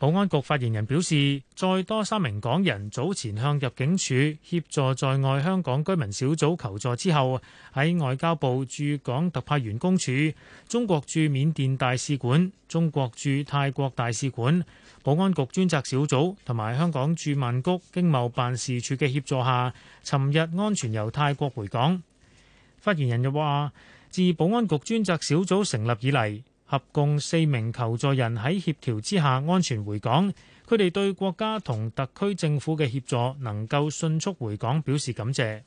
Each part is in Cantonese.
保安局發言人表示，再多三名港人早前向入境處協助在外香港居民小組求助之後，喺外交部駐港特派員公署、中國駐緬甸大使館、中國駐泰國大使館、保安局專責小組同埋香港駐曼谷經貿辦事處嘅協助下，尋日安全由泰國回港。發言人又話，自保安局專責小組成立以嚟。合共四名求助人喺協調之下安全回港，佢哋對國家同特區政府嘅協助能夠迅速回港表示感謝。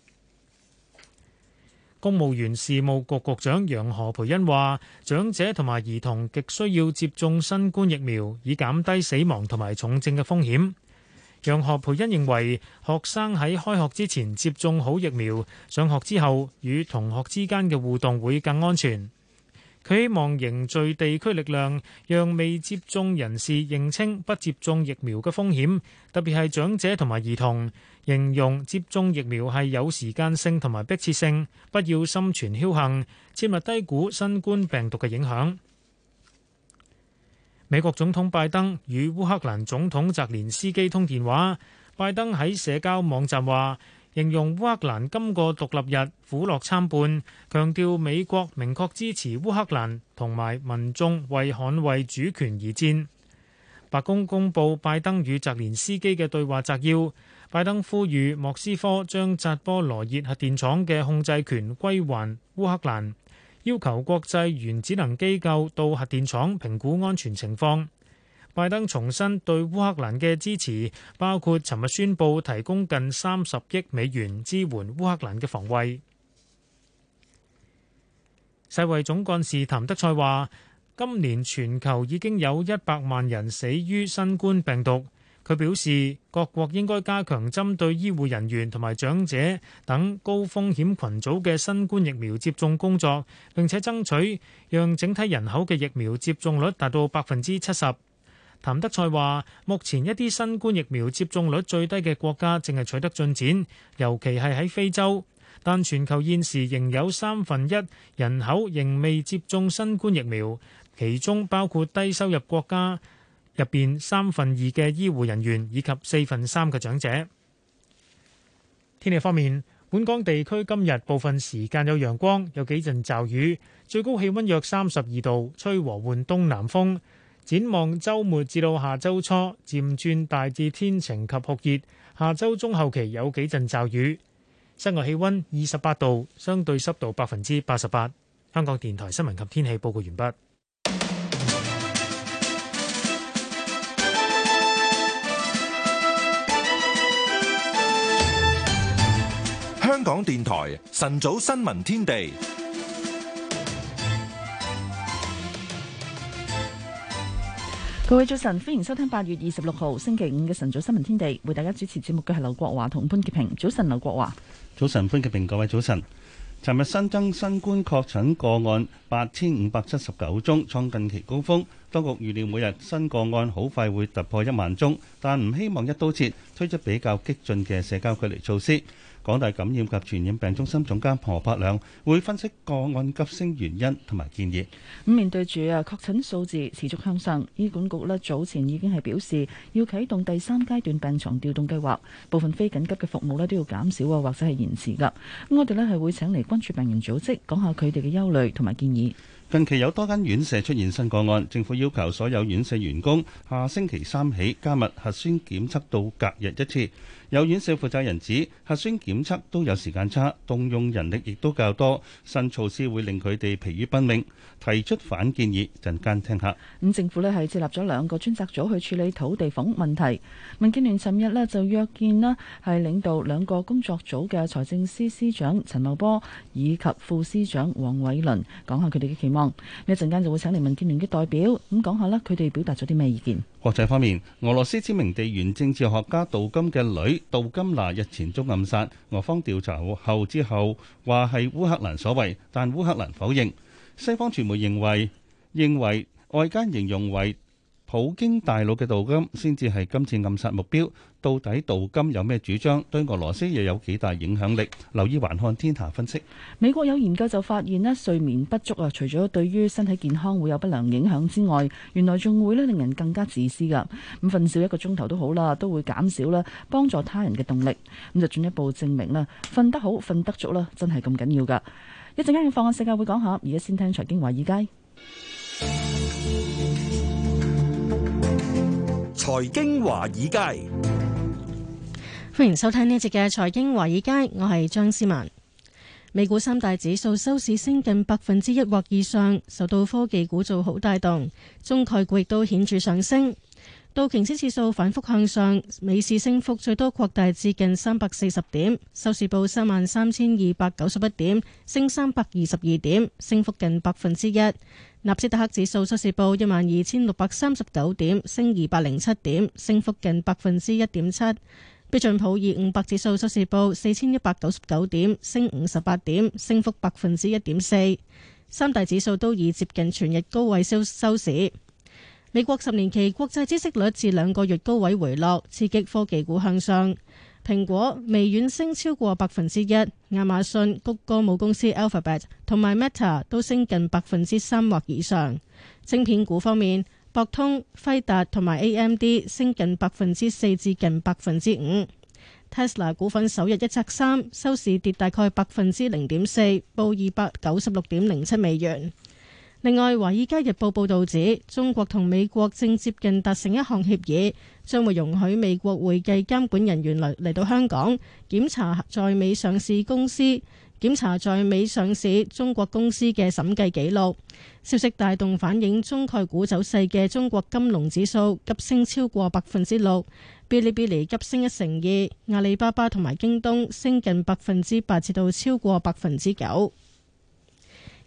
公務員事務局局，局長楊何蓓茵話：長者同埋兒童極需要接種新冠疫苗，以減低死亡同埋重症嘅風險。楊何蓓茵認為學生喺開學之前接種好疫苗，上學之後與同學之間嘅互動會更安全。佢希望凝聚地區力量，讓未接種人士認清不接種疫苗嘅風險，特別係長者同埋兒童。形容接種疫苗係有時間性同埋迫切性，不要心存僥倖，切勿低估新冠病毒嘅影響。美國總統拜登與烏克蘭總統澤連斯基通電話，拜登喺社交網站話。形容烏克蘭今個獨立日苦樂參半，強調美國明確支持烏克蘭同埋民眾為捍衛主權而戰，白宮公布拜登與澤連斯基嘅對話摘要，拜登呼籲莫斯科將扎波羅熱核電廠嘅控制權歸還烏克蘭，要求國際原子能機構到核電廠評估安全情況。拜登重申對烏克蘭嘅支持，包括尋日宣布提供近三十億美元支援烏克蘭嘅防衞。世衞總幹事譚德塞話：今年全球已經有一百萬人死於新冠病毒。佢表示，各國應該加強針對醫護人員同埋長者等高風險群組嘅新冠疫苗接種工作，並且爭取讓整體人口嘅疫苗接種率達到百分之七十。譚德塞話：目前一啲新冠疫苗接種率最低嘅國家正係取得進展，尤其係喺非洲。但全球現時仍有三分一人口仍未接種新冠疫苗，其中包括低收入國家入邊三分二嘅醫護人員以及四分三嘅長者。天氣方面，本港地區今日部分時間有陽光，有幾陣驟雨，最高氣溫約三十二度，吹和緩東南風。展望周末至到下周初，漸轉大致天晴及酷熱，下周中後期有幾陣驟雨。室外氣溫二十八度，相對濕度百分之八十八。香港電台新聞及天氣報告完畢。香港電台晨早新聞天地。各位早晨，歡迎收聽八月二十六號星期五嘅晨早新聞天地。為大家主持節目嘅係劉國華同潘潔平。早晨，劉國華。早晨，潘潔平。各位早晨。尋日新增新冠確診個案八千五百七十九宗，創近期高峰。當局預料每日新個案好快會突破一萬宗，但唔希望一刀切，推出比較激進嘅社交距離措施。港大感染及傳染病中心總監何柏良會分析個案急升原因同埋建議。咁面對住啊確診數字持續向上，醫管局咧早前已經係表示要啟動第三階段病床調動計劃，部分非緊急嘅服務咧都要減少啊，或者係延遲㗎。咁我哋咧係會請嚟關注病人組織講下佢哋嘅憂慮同埋建議。近期有多間院舍出現新個案，政府要求所有院舍員工下星期三起加密核酸檢測到隔日一次。有院舍負責人指核酸檢測都有時間差，動用人力亦都較多，新措施會令佢哋疲於奔命，提出反建議。陣間聽下。咁政府咧係設立咗兩個專責組去處理土地房屋問題。民建聯尋日咧就約見啦，係領導兩個工作組嘅財政司司長陳茂波以及副司長黃偉綸，講下佢哋嘅期望。一陣間就會請嚟民建聯嘅代表咁講下啦，佢哋表達咗啲咩意見？國際方面，俄羅斯知名地緣政治學家杜金嘅女杜金娜日前遭暗殺，俄方調查後之後話係烏克蘭所為，但烏克蘭否認。西方傳媒認為，認為外間形容為。普京大佬嘅道金先至係今次暗殺目標，到底道金有咩主張？對俄羅斯又有幾大影響力？留意環看天下分析。美國有研究就發現咧，睡眠不足啊，除咗對於身體健康會有不良影響之外，原來仲會咧令人更加自私噶。咁瞓少一個鐘頭都好啦，都會減少咧幫助他人嘅動力。咁就進一步證明啦，瞓得好，瞓得足啦，真係咁緊要噶。一陣間要放個世界會講下，而家先聽財經華爾街。財經華爾街，歡迎收聽呢一節嘅財經華爾街，我係張思文。美股三大指數收市升近百分之一或以上，受到科技股做好帶動，中概股亦都顯著上升。道瓊斯指數反覆向上，美市升幅最多擴大至近三百四十點，收市報三萬三千二百九十一點，升三百二十二點，升幅近百分之一。納斯達克指數收市報一萬二千六百三十九點，升二百零七點，升幅近百分之一點七。標準普爾五百指數收市報四千一百九十九點，升五十八點，升幅百分之一點四。三大指數都已接近全日高位收收市。美國十年期國債孳息率自兩個月高位回落，刺激科技股向上。蘋果、微軟升超過百分之一，亞馬遜、谷歌母公司 Alphabet 同埋 Meta 都升近百分之三或以上。晶片股方面，博通、輝達同埋 AMD 升近百分之四至近百分之五。Tesla 股份首日一拆三，收市跌大概百分之零點四，報二百九十六點零七美元。另外，《華爾街日報》報道指，中國同美國正接近達成一項協議，將會容許美國會計監管人員來嚟到香港檢查在美上市公司、檢查在美上市中國公司嘅審計記錄。消息帶動反映中概股走勢嘅中國金融指數急升超過百分之六，嗶哩嗶哩急升一成二，阿里巴巴同埋京東升近百分之八，至到超過百分之九。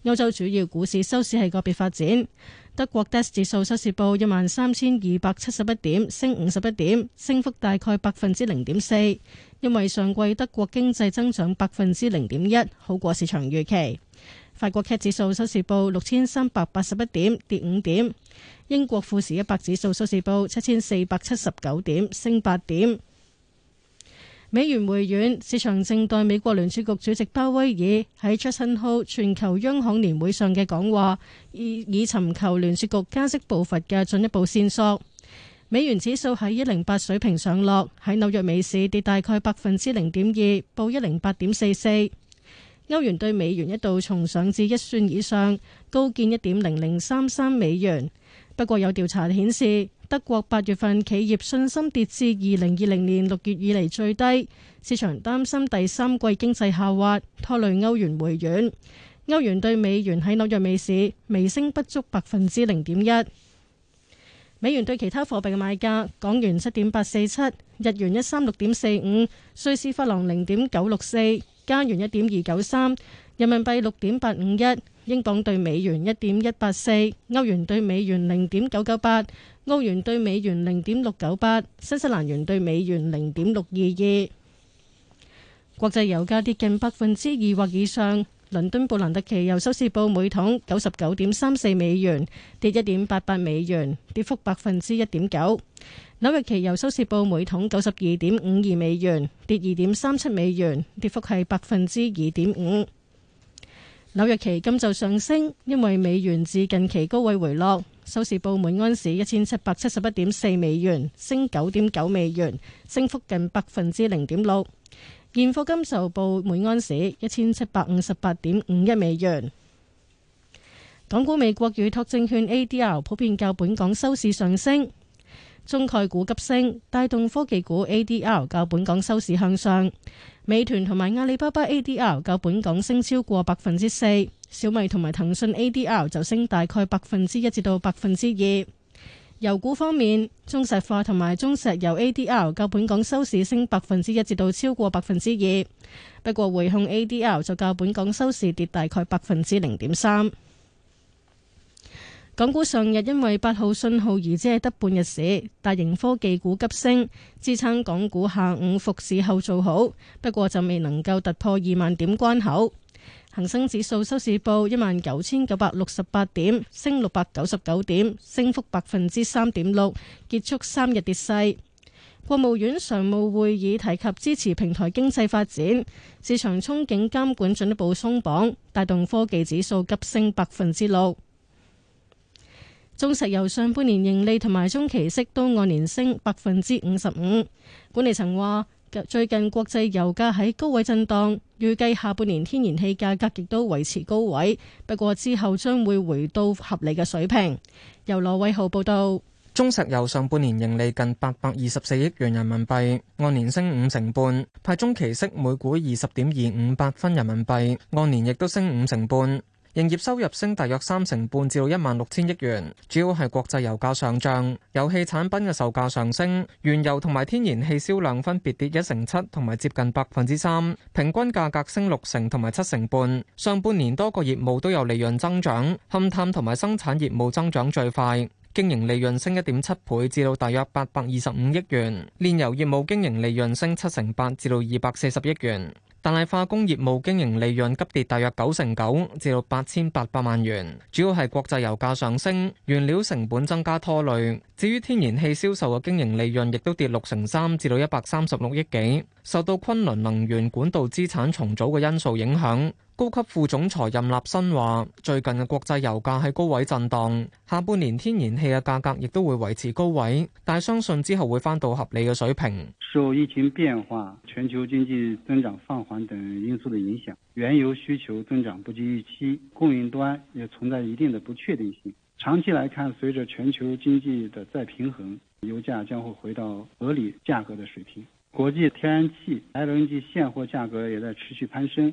歐洲主要股市收市係個別發展，德國 DAX 指數收市報一萬三千二百七十一點，升五十一點，升幅大概百分之零點四，因為上季德國經濟增長百分之零點一，好過市場預期。法國 CAC 指數收市報六千三百八十一點，跌五點。英國富時一百指數收市報七千四百七十九點，升八點。美元回軟，市場正待美國聯儲局主席鮑威爾喺傑克森霍爾全球央行年會上嘅講話，以以尋求聯儲局加息步伐嘅進一步線索。美元指數喺一零八水平上落，喺紐約美市跌大概百分之零點二，報一零八點四四。歐元對美元一度重上至一算以上，高見一點零零三三美元。不過有調查顯示，德國八月份企業信心跌至二零二零年六月以嚟最低，市場擔心第三季經濟下滑，拖累歐元回軟。歐元對美元喺紐約美市微升不足百分之零點一，美元對其他貨幣嘅賣價：港元七點八四七，日元一三六點四五，瑞士法郎零點九六四，加元一點二九三，人民幣六點八五一。英鎊兌美元一點一八四，歐元兌美元零點九九八，歐元兌美元零點六九八，新西蘭元兌美元零點六二二。國際油價跌近百分之二或以上，倫敦布蘭特期油收市報每桶九十九點三四美元，跌一點八八美元，跌幅百分之一點九。紐約期油收市報每桶九十二點五二美元，跌二點三七美元，跌幅係百分之二點五。紐約期金就上升，因為美元自近期高位回落，收市報每安士一千七百七十一點四美元，升九點九美元，升幅近百分之零點六。現貨金就報每安士一千七百五十八點五一美元。港股美國預託證券 ADR 普遍較本港收市上升，中概股急升，帶動科技股 ADR 較本港收市向上。美團同埋阿里巴巴 ADR 較本港升超過百分之四，小米同埋騰訊 ADR 就升大概百分之一至到百分之二。油股方面，中石化同埋中石油 ADR 較本港收市升百分之一至到超過百分之二，不過匯控 ADR 就較本港收市跌大概百分之零點三。港股上日因為八號信號而只係得半日市，大型科技股急升支撐港股，下午復市後做好，不過就未能夠突破二萬點關口。恒生指數收市報一萬九千九百六十八點，升六百九十九點，升幅百分之三點六，結束三日跌勢。國務院常務會議提及支持平台經濟發展，市場憧憬監管進一步鬆綁，帶動科技指數急升百分之六。中石油上半年盈利同埋中期息都按年升百分之五十五，管理層話最近國際油價喺高位震蕩，預計下半年天然氣價格亦都維持高位，不過之後將會回到合理嘅水平。由羅偉豪報道，中石油上半年盈利近八百二十四億元人民幣，按年升五成半，派中期息每股二十點二五八分人民幣，按年亦都升五成半。營業收入升大約三成半至到一萬六千億元，主要係國際油價上漲、油氣產品嘅售價上升、原油同埋天然氣銷量分別跌一成七同埋接近百分之三，平均價格升六成同埋七成半。上半年多個業務都有利潤增長，勘探同埋生產業務增長最快，經營利潤升一點七倍至到大約八百二十五億元，煉油業務經營利潤升七成八至到二百四十億元。但係化工業務經營利潤急跌大約九成九，至到八千八百萬元，主要係國際油價上升、原料成本增加拖累。至於天然氣銷售嘅經營利潤亦都跌六成三，至到一百三十六億幾，受到昆侖能源管道資產重組嘅因素影響。高級副總裁任立新話，最近嘅國際油價喺高位震盪，下半年天然氣嘅價格亦都會維持高位，但相信之後會返到合理嘅水平。受疫情變化、全球經濟增長放緩等因素的影響，原油需求增長不及預期，供應端也存在一定的不確定性。長期來看，隨着全球經濟的再平衡，油價將會回到合理價格的水平。國際天然氣 LNG 現貨價格也在持續攀升。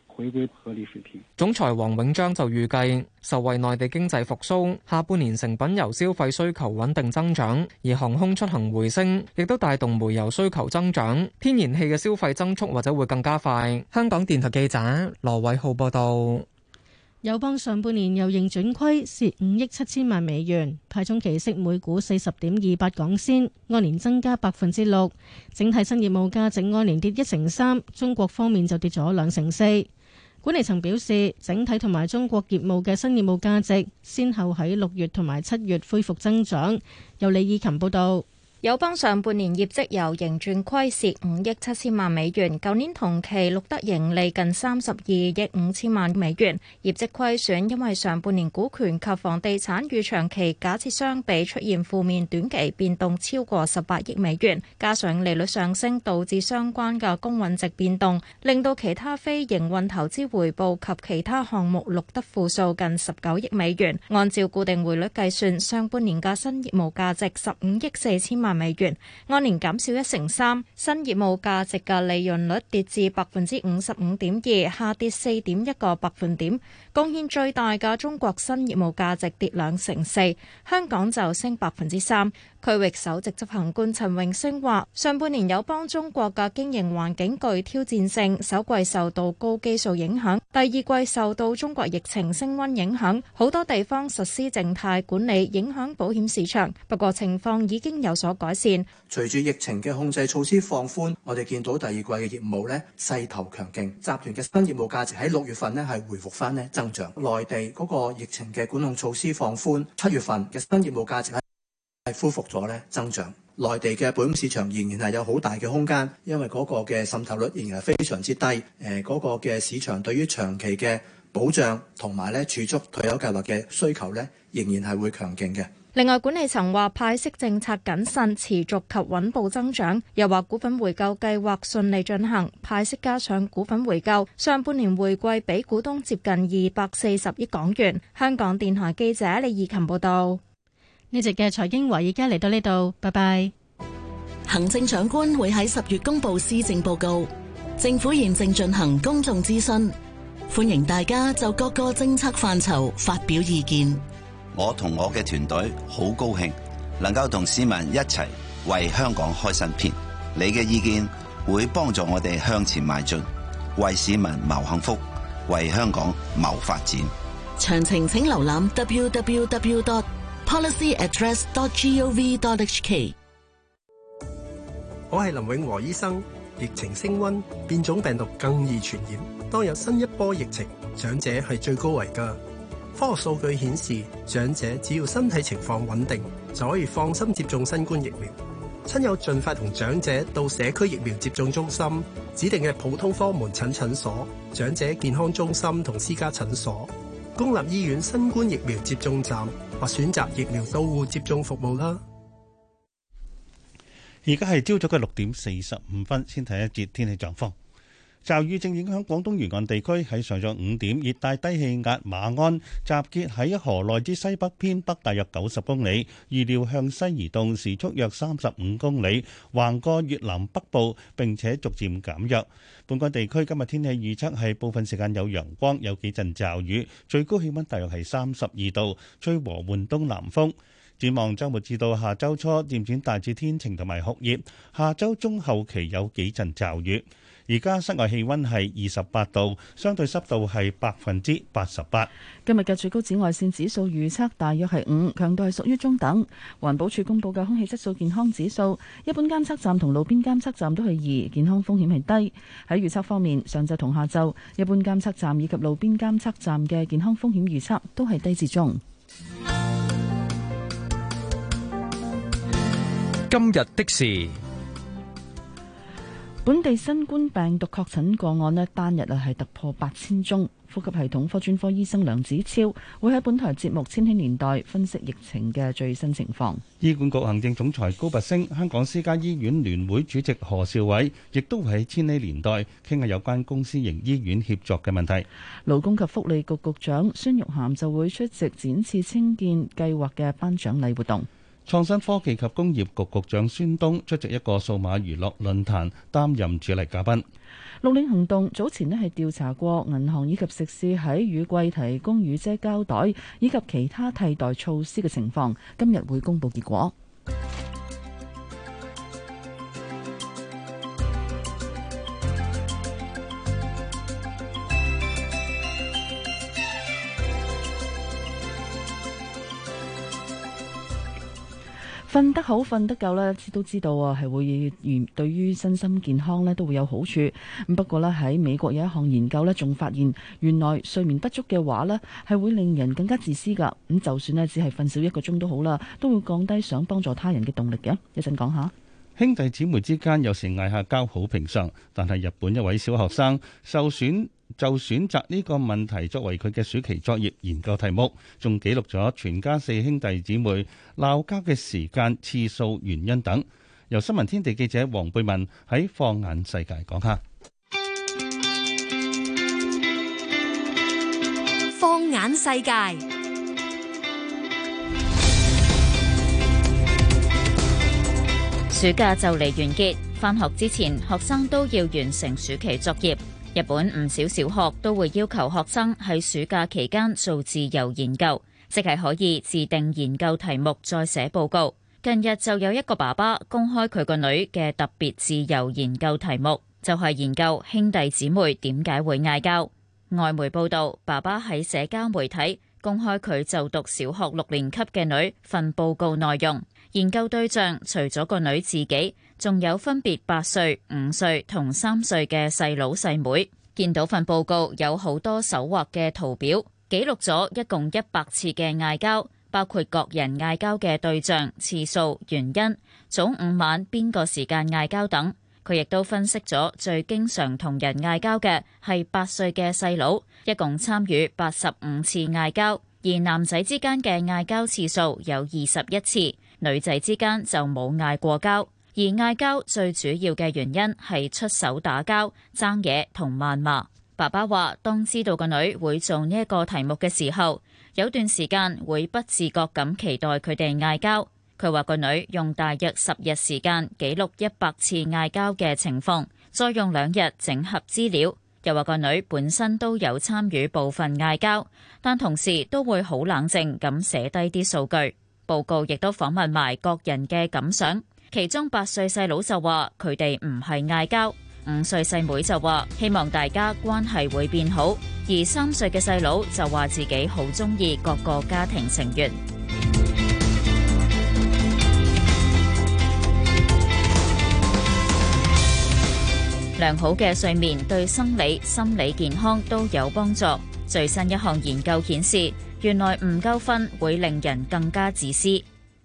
回歸合理水平。總裁王永章就預計，受惠內地經濟復甦，下半年成品油消費需求穩定增長，而航空出行回升，亦都帶動煤油需求增長。天然氣嘅消費增速或者會更加快。香港電台記者羅偉浩報道，友邦上半年由盈轉虧，蝕五億七千萬美元，派中期息每股四十點二八港仙，按年增加百分之六，整體新業務價值按年跌一成三，中國方面就跌咗兩成四。管理層表示，整體同埋中國業務嘅新業務價值，先後喺六月同埋七月恢復增長。由李以琴報導。友邦上半年業績由盈轉虧，蝕五億七千萬美元。舊年同期錄得盈利近三十二億五千萬美元。業績虧損因為上半年股權及房地產與長期假設相比出現負面短期變動超過十八億美元，加上利率上升導致相關嘅公允值變動，令到其他非營運投資回報及其他項目錄得負數近十九億美元。按照固定匯率計算，上半年嘅新業務價值十五億四千萬。美元按年減少一成三，新業務價值嘅利潤率跌至百分之五十五點二，下跌四點一個百分點。貢獻最大嘅中國新業務價值跌兩成四，香港就升百分之三。區域首席執行官陳永升話，上半年友邦中國嘅經營環境具挑戰性，首季受到高基數影響，第二季受到中國疫情升温影響，好多地方實施靜態管理，影響保險市場。不過情況已經有所改善。隨住疫情嘅控制措施放寬，我哋見到第二季嘅業務咧勢頭強勁。集團嘅新業務價值喺六月份咧係回復翻咧增長。內地嗰個疫情嘅管控措施放寬，七月份嘅新業務價值咧，係恢復咗咧增長。內地嘅保險市場仍然係有好大嘅空間，因為嗰個嘅滲透率仍然係非常之低。誒、呃、嗰、嗰個嘅市場對於長期嘅保障同埋咧儲蓄退休計劃嘅需求咧，仍然係會強勁嘅。另外，管理層話派息政策謹慎、持續及穩步增長，又話股份回購計劃順利進行。派息加上股份回購，上半年回饋俾股東接近二百四十億港元。香港電台記者李義琴報道。呢集嘅財經話已經嚟到呢度，拜拜。行政長官會喺十月公佈施政報告，政府現正進行公眾諮詢，歡迎大家就各個政策範疇發表意見。我同我嘅團隊好高興，能夠同市民一齊為香港開新篇。你嘅意見會幫助我哋向前邁進，為市民謀幸福，為香港謀發展。詳情請瀏覽 www.policyaddress.gov.hk。我係林永和醫生，疫情升溫，變種病毒更易傳染，當有新一波疫情，長者係最高危噶。多個數據顯示，長者只要身體情況穩定，就可以放心接種新冠疫苗。親友盡快同長者到社區疫苗接種中心、指定嘅普通科門診診所、長者健康中心同私家診所、公立醫院新冠疫苗接種站或選擇疫苗到戶接種服務啦。而家係朝早嘅六點四十五分，先睇一節天氣狀況。驟雨正影響廣東沿岸地區，喺上晝五點。熱帶低氣壓馬鞍集結喺河內之西北偏北，大約九十公里，預料向西移動，時速約三十五公里，橫過越南北部，並且逐漸減弱。本港地區今日天氣預測係部分時間有陽光，有幾陣驟雨，最高氣温大約係三十二度，吹和緩東南風。展望周末至到下周初漸轉大致天晴同埋酷熱，下周中後期有幾陣驟雨。而家室外氣溫係二十八度，相對濕度係百分之八十八。今日嘅最高紫外線指數預測大約係五，強度係屬於中等。環保署公布嘅空氣質素健康指數，一般監測站同路邊監測站都係二，健康風險係低。喺預測方面，上晝同下晝，一般監測站以及路邊監測站嘅健康風險預測都係低至中。今日的事。本地新冠病毒確診個案呢，單日啊，係突破八千宗。呼吸系統科專科醫生梁子超會喺本台節目《千禧年代》分析疫情嘅最新情況，醫管局行政總裁高拔升、香港私家醫院聯會主席何兆偉亦都喺《千禧年代》傾下有關公私營醫院協作嘅問題，勞工及福利局局長孫玉菡就會出席展翅青見計劃嘅頒獎禮活動。創新科技及工業局局長孫東出席一個數碼娛樂論壇，擔任主禮嘉賓。綠領行動早前呢係調查過銀行以及食肆喺雨季提供雨遮膠袋以及其他替代措施嘅情況，今日會公佈結果。瞓得好、瞓得夠咧，都知道啊，係會原對於身心健康咧都會有好處。咁不過咧喺美國有一項研究咧，仲發現原來睡眠不足嘅話咧，係會令人更加自私噶。咁就算咧只係瞓少一個鐘都好啦，都會降低想幫助他人嘅動力嘅。講一陣講下，兄弟姊妹之間有時嗌下交好平常，但係日本一位小學生受損。就選擇呢個問題作為佢嘅暑期作業研究題目，仲記錄咗全家四兄弟姊妹鬧交嘅時間、次數、原因等。由新聞天地記者黃貝文喺《放眼世界》講下。放眼世界，暑假就嚟完結，翻學之前，學生都要完成暑期作業。日本唔少小學都會要求學生喺暑假期間做自由研究，即係可以自定研究題目再寫報告。近日就有一個爸爸公開佢個女嘅特別自由研究題目，就係研究兄弟姊妹點解會嗌交。外媒報道，爸爸喺社交媒體公開佢就讀小學六年級嘅女份報告內容，研究對象除咗個女自己，仲有分別八歲、五歲同三歲嘅細佬細妹，見到份報告有好多手畫嘅圖表，記錄咗一共一百次嘅嗌交，包括各人嗌交嘅對象、次數、原因、早午晚邊個時間嗌交等。佢亦都分析咗最經常同人嗌交嘅係八歲嘅細佬，一共參與八十五次嗌交，而男仔之間嘅嗌交次數有二十一次，女仔之間就冇嗌過交。而嗌交最主要嘅原因係出手打交、爭嘢同謾罵。爸爸話，當知道個女會做呢一個題目嘅時候，有段時間會不自覺咁期待佢哋嗌交。佢話個女用大約十日時間記錄一百次嗌交嘅情況，再用兩日整合資料。又話個女本身都有參與部分嗌交，但同時都會好冷靜咁寫低啲數據。報告亦都訪問埋各人嘅感想。其中八歲細佬就話佢哋唔係嗌交，五歲細妹就話希望大家關係會變好，而三歲嘅細佬就話自己好鍾意各個家庭成員。良好嘅睡眠對生理心理健康都有幫助。最新一項研究顯示，原來唔夠瞓會令人更加自私。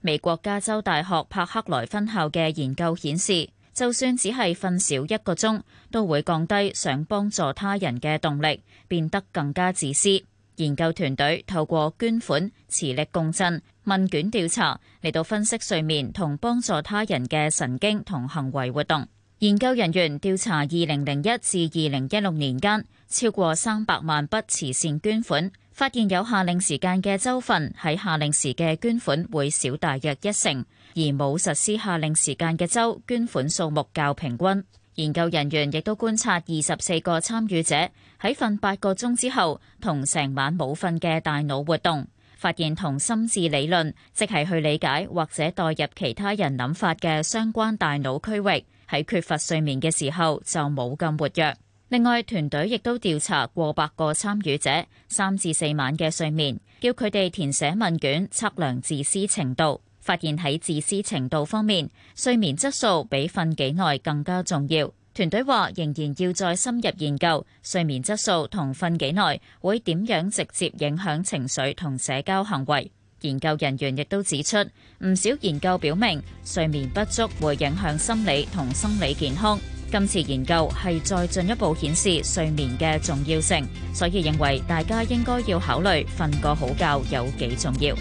美國加州大學柏克萊分校嘅研究顯示，就算只係瞓少一個鐘，都會降低想幫助他人嘅動力，變得更加自私。研究團隊透過捐款、磁力共振、問卷調查嚟到分析睡眠同幫助他人嘅神經同行為活動。研究人員調查二零零一至二零一六年間超過三百萬筆慈善捐款。發現有夏令時間嘅州份喺夏令時嘅捐款會少大約一成，而冇實施夏令時間嘅州捐款數目較平均。研究人員亦都觀察二十四個參與者喺瞓八個鐘之後同成晚冇瞓嘅大腦活動，發現同心智理論，即係去理解或者代入其他人諗法嘅相關大腦區域，喺缺乏睡眠嘅時候就冇咁活躍。另外，團隊亦都調查過百個參與者三至四晚嘅睡眠，叫佢哋填寫問卷測量自私程度，發現喺自私程度方面，睡眠質素比瞓幾耐更加重要。團隊話仍然要再深入研究睡眠質素同瞓幾耐會點樣直接影響情緒同社交行為。研究人員亦都指出，唔少研究表明睡眠不足會影響心理同生理健康。今次研究係再進一步顯示睡眠嘅重要性，所以認為大家應該要考慮瞓個好覺有幾重要。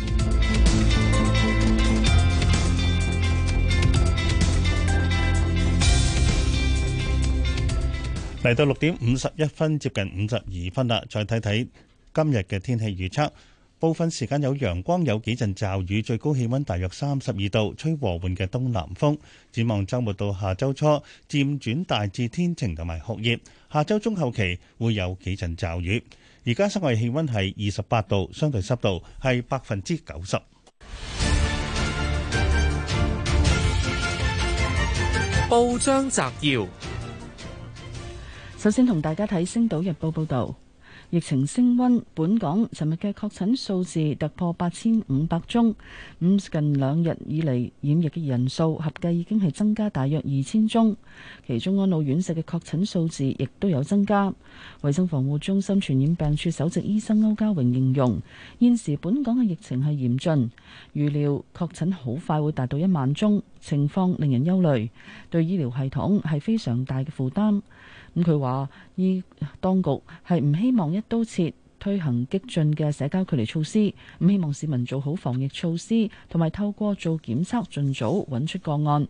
嚟到六點五十一分，接近五十二分啦，再睇睇今日嘅天氣預測。部分時間有陽光，有幾陣驟雨，最高氣溫大約三十二度，吹和緩嘅東南風。展望周末到下周初，漸轉大致天晴同埋酷熱，下周中後期會有幾陣驟雨。而家室外氣溫係二十八度，相對濕度係百分之九十。報章摘要，首先同大家睇《星島日報》報道。疫情升溫，本港尋日嘅確診數字突破八千五百宗。咁近兩日以嚟染疫嘅人數合計已經係增加大約二千宗，其中安老院舍嘅確診數字亦都有增加。衞生防護中心傳染病處首席醫生歐家榮形容，現時本港嘅疫情係嚴峻，預料確診好快會達到一萬宗，情況令人憂慮，對醫療系統係非常大嘅負擔。咁佢話：依當局係唔希望一刀切推行激進嘅社交距離措施，咁希望市民做好防疫措施，同埋透過做檢測盡早揾出個案。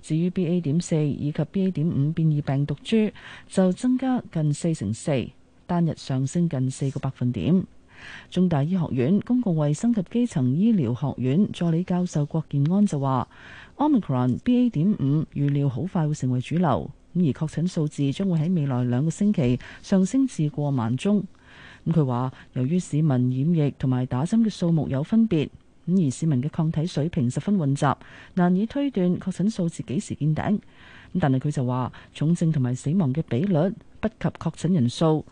至於 BA 點四以及 BA 點五變異病毒株，就增加近四成四，單日上升近四個百分點。中大醫學院公共衛生及基層醫療學院助理教授郭建安就話：Omicron BA 點五預料好快會成為主流。咁而確診數字將會喺未來兩個星期上升至過萬宗。咁佢話，由於市民染疫同埋打針嘅數目有分別，咁而市民嘅抗體水平十分混雜，難以推斷確診數字幾時見頂。咁但係佢就話，重症同埋死亡嘅比率不及確診人數。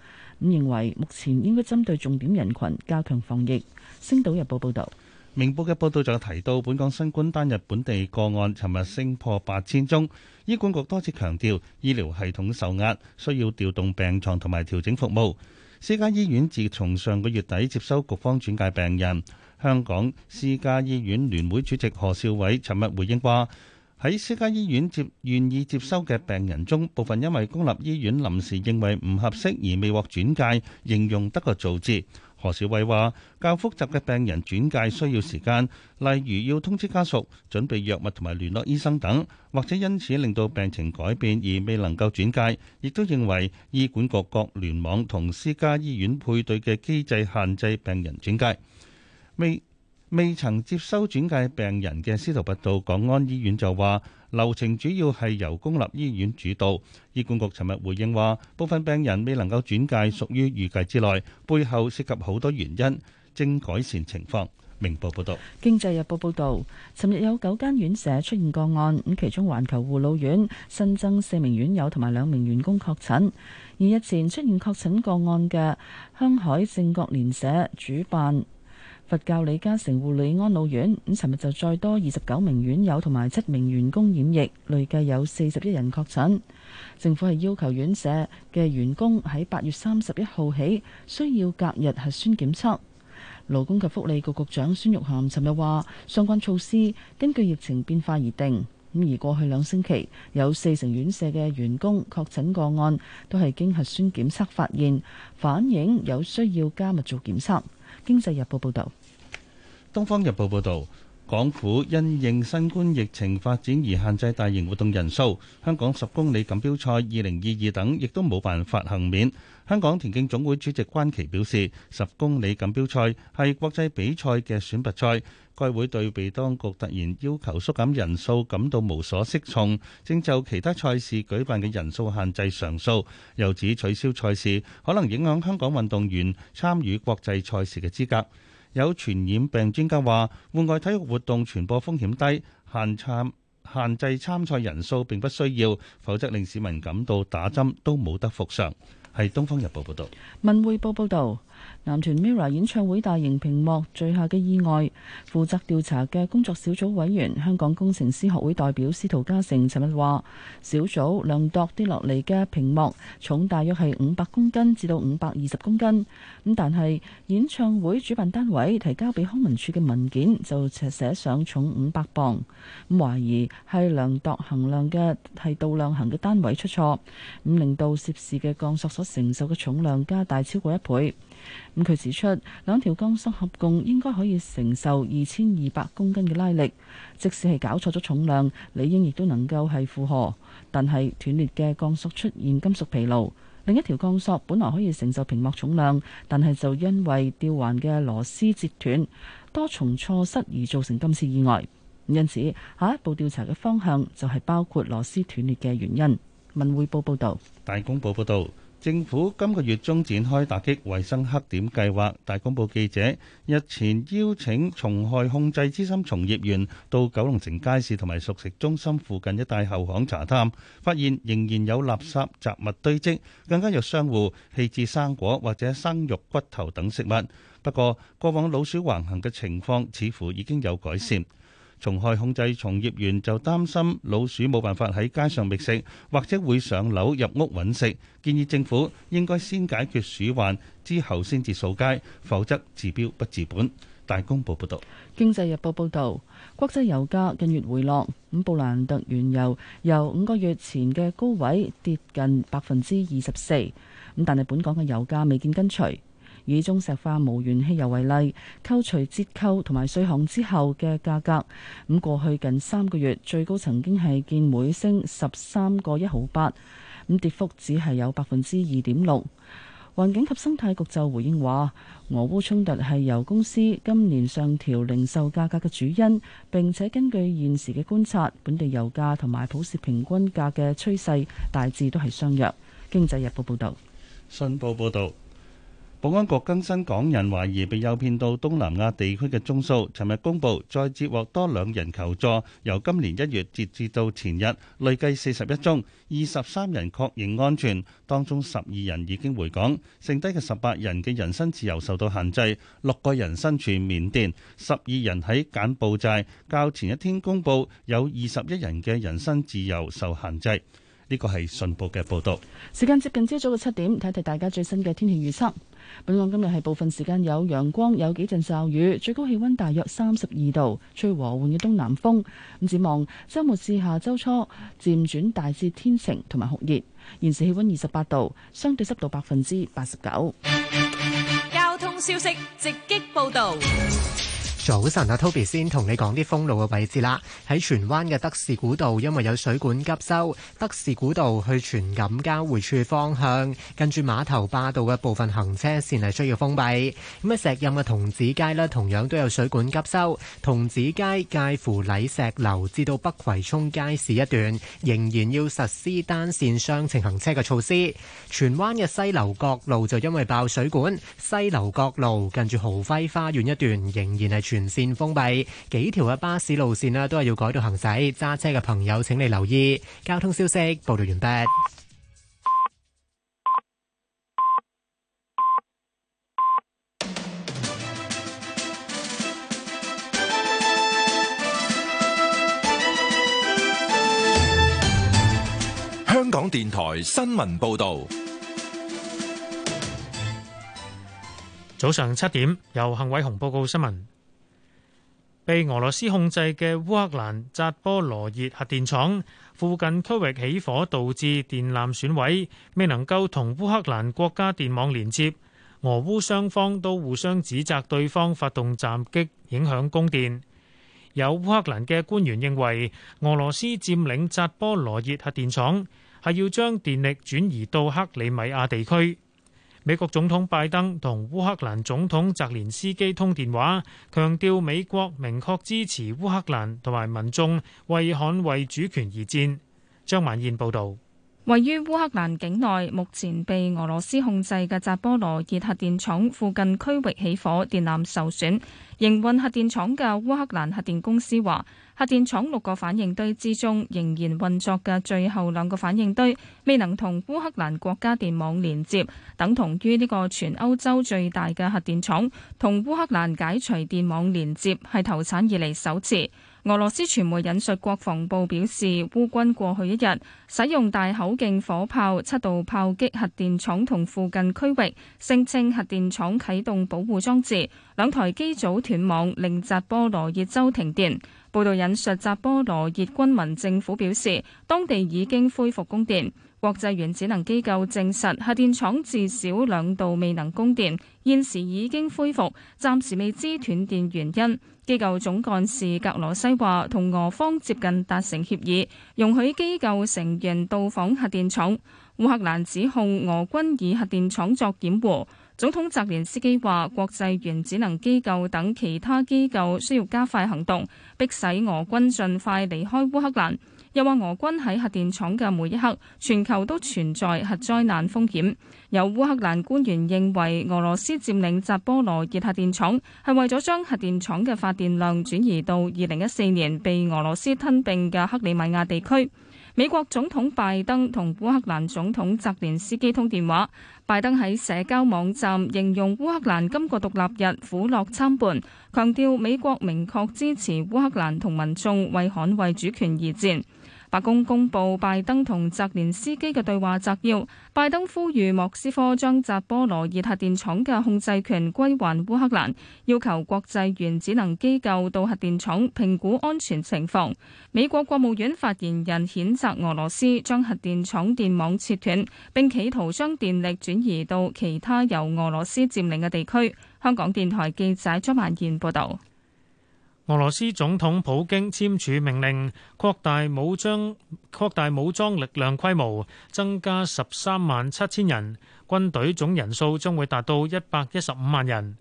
咁認為目前應該針對重點人群加強防疫。星島日報報道。明報嘅報道就提到，本港新冠單日本地個案，尋日升破八千宗。醫管局多次強調，醫療系統受壓，需要調動病床同埋調整服務。私家醫院自從上個月底接收局方轉介病人，香港私家醫院聯會主席何少偉尋日回應話：喺私家醫院接願意接收嘅病人中，部分因為公立醫院臨時認為唔合適而未獲轉介，形容得個造字。何小慧話：較複雜嘅病人轉介需要時間，例如要通知家屬、準備藥物同埋聯絡醫生等，或者因此令到病情改變而未能夠轉介。亦都認為醫管局、各聯網同私家醫院配對嘅機制限制病人轉介。未未曾接收轉介病人嘅司徒拔道港安醫院就話。流程主要係由公立醫院主導，醫管局尋日回應話，部分病人未能夠轉介屬於預計之內，背後涉及好多原因，正改善情況。明報報導，《經濟日報》報導，尋日有九間院舍出現個案，咁其中環球護老院新增四名院友同埋兩名員工確診，而日前出現確診個案嘅香海正覺蓮社主辦佛教李嘉誠護理安老院咁，尋日就再多二十九名院友同埋七名員工染疫，累計有四十一人確診。政府係要求院舍嘅員工喺八月三十一號起需要隔日核酸檢測。勞工及福利局局長孫玉菡尋日話：相關措施根據疫情變化而定。咁而過去兩星期，有四成院舍嘅員工確診個案都係經核酸檢測發現，反映有需要加密做檢測。經濟日報報道，東方日報報道。港府因應新冠疫情發展而限制大型活動人數，香港十公里錦標賽二零二二等亦都冇辦法幸免。香港田徑總會主席關其表示，十公里錦標賽係國際比賽嘅選拔賽，該會對被當局突然要求縮減人數感到無所適從，正就其他賽事舉辦嘅人數限制上訴，又指取消賽事可能影響香港運動員參與國際賽事嘅資格。有傳染病專家話，戶外體育活動傳播風險低，限參限制參賽人數並不需要，否則令市民感到打針都冇得復常。係《東方日報》報導，《文匯報》報導。男團 MIRROR 演唱會大型屏幕墜下嘅意外，負責調查嘅工作小組委員、香港工程師學會代表司徒家成尋日話，小組量度跌落嚟嘅屏幕重，大約係五百公斤至到五百二十公斤。咁但係演唱會主辦單位提交俾康文署嘅文件就寫寫上重五百磅，咁懷疑係量度衡量嘅係度量衡嘅單位出錯，咁令到涉事嘅鋼索所承受嘅重量加大超過一倍。咁佢指出，兩條鋼索合共應該可以承受二千二百公斤嘅拉力，即使係搞錯咗重量，理應亦都能夠係負荷。但係斷裂嘅鋼索出現金屬疲勞，另一條鋼索本來可以承受屏幕重量，但係就因為吊環嘅螺絲折斷，多重錯失而造成今次意外。因此下一步調查嘅方向就係包括螺絲斷裂嘅原因。文匯報報道，大公報報道。政府今個月中展開打擊衞生黑點計劃。大公報記者日前邀請蟲害控制資深從業員到九龍城街市同埋熟食中心附近一帶後巷查探，發現仍然有垃圾雜物堆積，更加有商戶棄置生果或者生肉骨頭等食物。不過，過往老鼠橫行嘅情況似乎已經有改善。蟲害控制從業員就擔心老鼠冇辦法喺街上覓食，或者會上樓入屋揾食，建議政府應該先解決鼠患之後先至掃街，否則治標不治本。大公報報導。《經濟日報》報導，國際油價近月回落，咁布蘭特原油由五個月前嘅高位跌近百分之二十四，咁但係本港嘅油價未見跟隨。以中石化無鉛汽油為例，扣除折扣同埋稅項之後嘅價格，咁過去近三個月最高曾經係見每升十三個一毫八，咁跌幅只係有百分之二點六。環境及生態局就回應話俄烏衝突係油公司今年上調零售價格嘅主因，並且根據現時嘅觀察，本地油價同埋普氏平均價嘅趨勢大致都係相若，經濟日報報道。信報報導，保安局更新港人懷疑被誘騙到東南亞地區嘅宗數，尋日公布再接獲多兩人求助，由今年一月截至到前日，累計四十一宗，二十三人確認安全，當中十二人已經回港，剩低，嘅十八人嘅人身自由受到限制，六個人身處緬甸，十二人喺柬埔寨。較前一天公布有二十一人嘅人身自由受限制。呢個係信報嘅報道。時間接近朝早嘅七點，睇睇大家最新嘅天氣預測。本港今日係部分時間有陽光，有幾陣驟雨，最高氣溫大約三十二度，吹和緩嘅東南風。咁展望周末至下周初，漸轉大致天晴同埋酷熱。現時氣溫二十八度，相對濕度百分之八十九。交通消息直擊報道。早晨啊，Toby 先同你講啲封路嘅位置啦。喺荃灣嘅德士古道，因為有水管急修，德士古道去荃錦交匯處方向，近住碼頭壩道嘅部分行車線係需要封閉。咁喺石蔭嘅童子街咧，同樣都有水管急修，童子街介乎禮石樓至到北葵涌街市一段，仍然要實施單線雙程行車嘅措施。荃灣嘅西樓角路就因為爆水管，西樓角路近住豪輝花園一段，仍然係全。全線封閉，幾條嘅巴士路線咧都係要改道行駛，揸車嘅朋友請你留意。交通消息報道完畢。香港電台新聞報道，早上七點由幸偉雄報告新聞。被俄羅斯控制嘅烏克蘭扎波羅熱核電廠附近區域起火，導致電纜損毀，未能夠同烏克蘭國家電網連接。俄烏雙方都互相指責對方發動襲擊，影響供電。有烏克蘭嘅官員認為，俄羅斯佔領扎波羅熱核電廠係要將電力轉移到克里米亞地區。美國總統拜登同烏克蘭總統澤連斯基通電話，強調美國明確支持烏克蘭同埋民眾為捍衛主權而戰。張曼燕報導。位於烏克蘭境內、目前被俄羅斯控制嘅扎波羅熱核電廠附近區域起火，電纜受損。營運核電廠嘅烏克蘭核電公司話，核電廠六個反應堆之中，仍然運作嘅最後兩個反應堆未能同烏克蘭國家電網連接，等同於呢個全歐洲最大嘅核電廠，同烏克蘭解除電網連接係投產以嚟首次。俄羅斯傳媒引述國防部表示，烏軍過去一日使用大口徑火炮七度炮擊核電廠同附近區域，聲稱核電廠啟動保護裝置，兩台機組斷網，令扎波羅熱州停電。報道引述扎波羅熱軍民政府表示，當地已經恢復供電。國際原子能機構證實，核電廠至少兩度未能供電，現時已經恢復，暫時未知斷電原因。機構總幹事格羅西話，同俄方接近達成協議，容許機構成員到訪核電廠。烏克蘭指控俄軍以核電廠作掩護。總統澤連斯基話，國際原子能機構等其他機構需要加快行動，迫使俄軍盡快離開烏克蘭。又話俄軍喺核電廠嘅每一刻，全球都存在核災難風險。有烏克蘭官員認為，俄羅斯佔領扎波羅熱核電廠係為咗將核電廠嘅發電量轉移到二零一四年被俄羅斯吞並嘅克里米亞地區。美國總統拜登同烏克蘭總統澤連斯基通電話，拜登喺社交網站形容烏克蘭今個獨立日苦樂參半，強調美國明確支持烏克蘭同民眾為捍衛主權而戰。白宮公布拜登同澤連斯基嘅對話摘要，拜登呼籲莫斯科將扎波羅熱核電廠嘅控制權歸還烏克蘭，要求國際原子能機構到核電廠評估安全情況。美國國務院發言人譴責俄羅斯將核電廠電網切斷，並企圖將電力轉移到其他由俄羅斯佔領嘅地區。香港電台記者張曼燕報道。俄羅斯總統普京簽署命令，擴大武裝擴大武裝力量規模，增加十三萬七千人，軍隊總人數將會達到一百一十五萬人。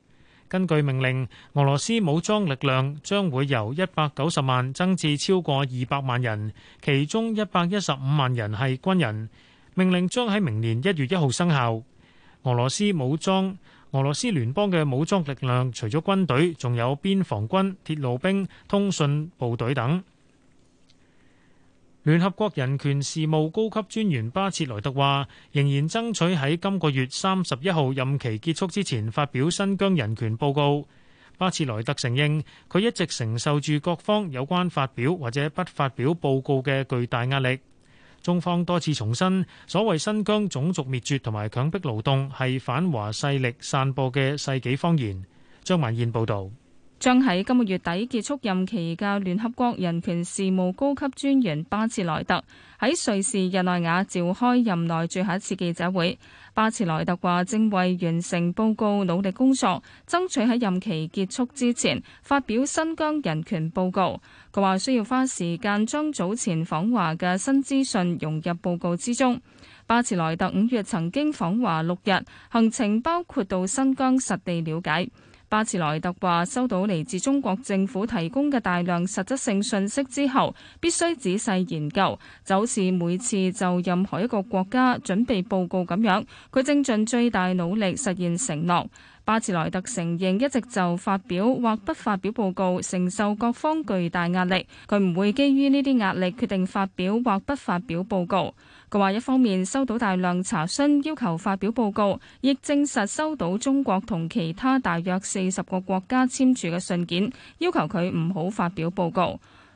根據命令，俄羅斯武裝力量將會由一百九十萬增至超過二百萬人，其中一百一十五萬人係軍人。命令將喺明年一月一號生效。俄羅斯武裝俄羅斯聯邦嘅武裝力量除咗軍隊，仲有邊防軍、鐵路兵、通訊部隊等。聯合國人權事務高級專員巴切萊特話，仍然爭取喺今個月三十一號任期結束之前發表新疆人權報告。巴切萊特承認，佢一直承受住各方有關發表或者不發表報告嘅巨大壓力。中方多次重申，所謂新疆種族滅絕同埋強迫勞動係反華勢力散播嘅世紀謊言。張文燕報道，將喺今個月底結束任期嘅聯合國人權事務高級專員巴切萊特。喺瑞士日內瓦召開任內最後一次記者會，巴茨萊特話正為完成報告努力工作，爭取喺任期結束之前發表新疆人權報告。佢話需要花時間將早前訪華嘅新資訊融入報告之中。巴茨萊特五月曾經訪華六日，行程包括到新疆實地了解。巴茨萊特話：收到嚟自中國政府提供嘅大量實質性信息之後，必須仔細研究，就好似每次就任何一個國家準備報告咁樣。佢正盡最大努力實現承諾。巴茨萊特承認一直就發表或不發表報告，承受各方巨大壓力，佢唔會基於呢啲壓力決定發表或不發表報告。佢話一方面收到大量查詢要求發表報告；亦證實收到中國同其他大約四十個國家簽署嘅信件，要求佢唔好發表報告。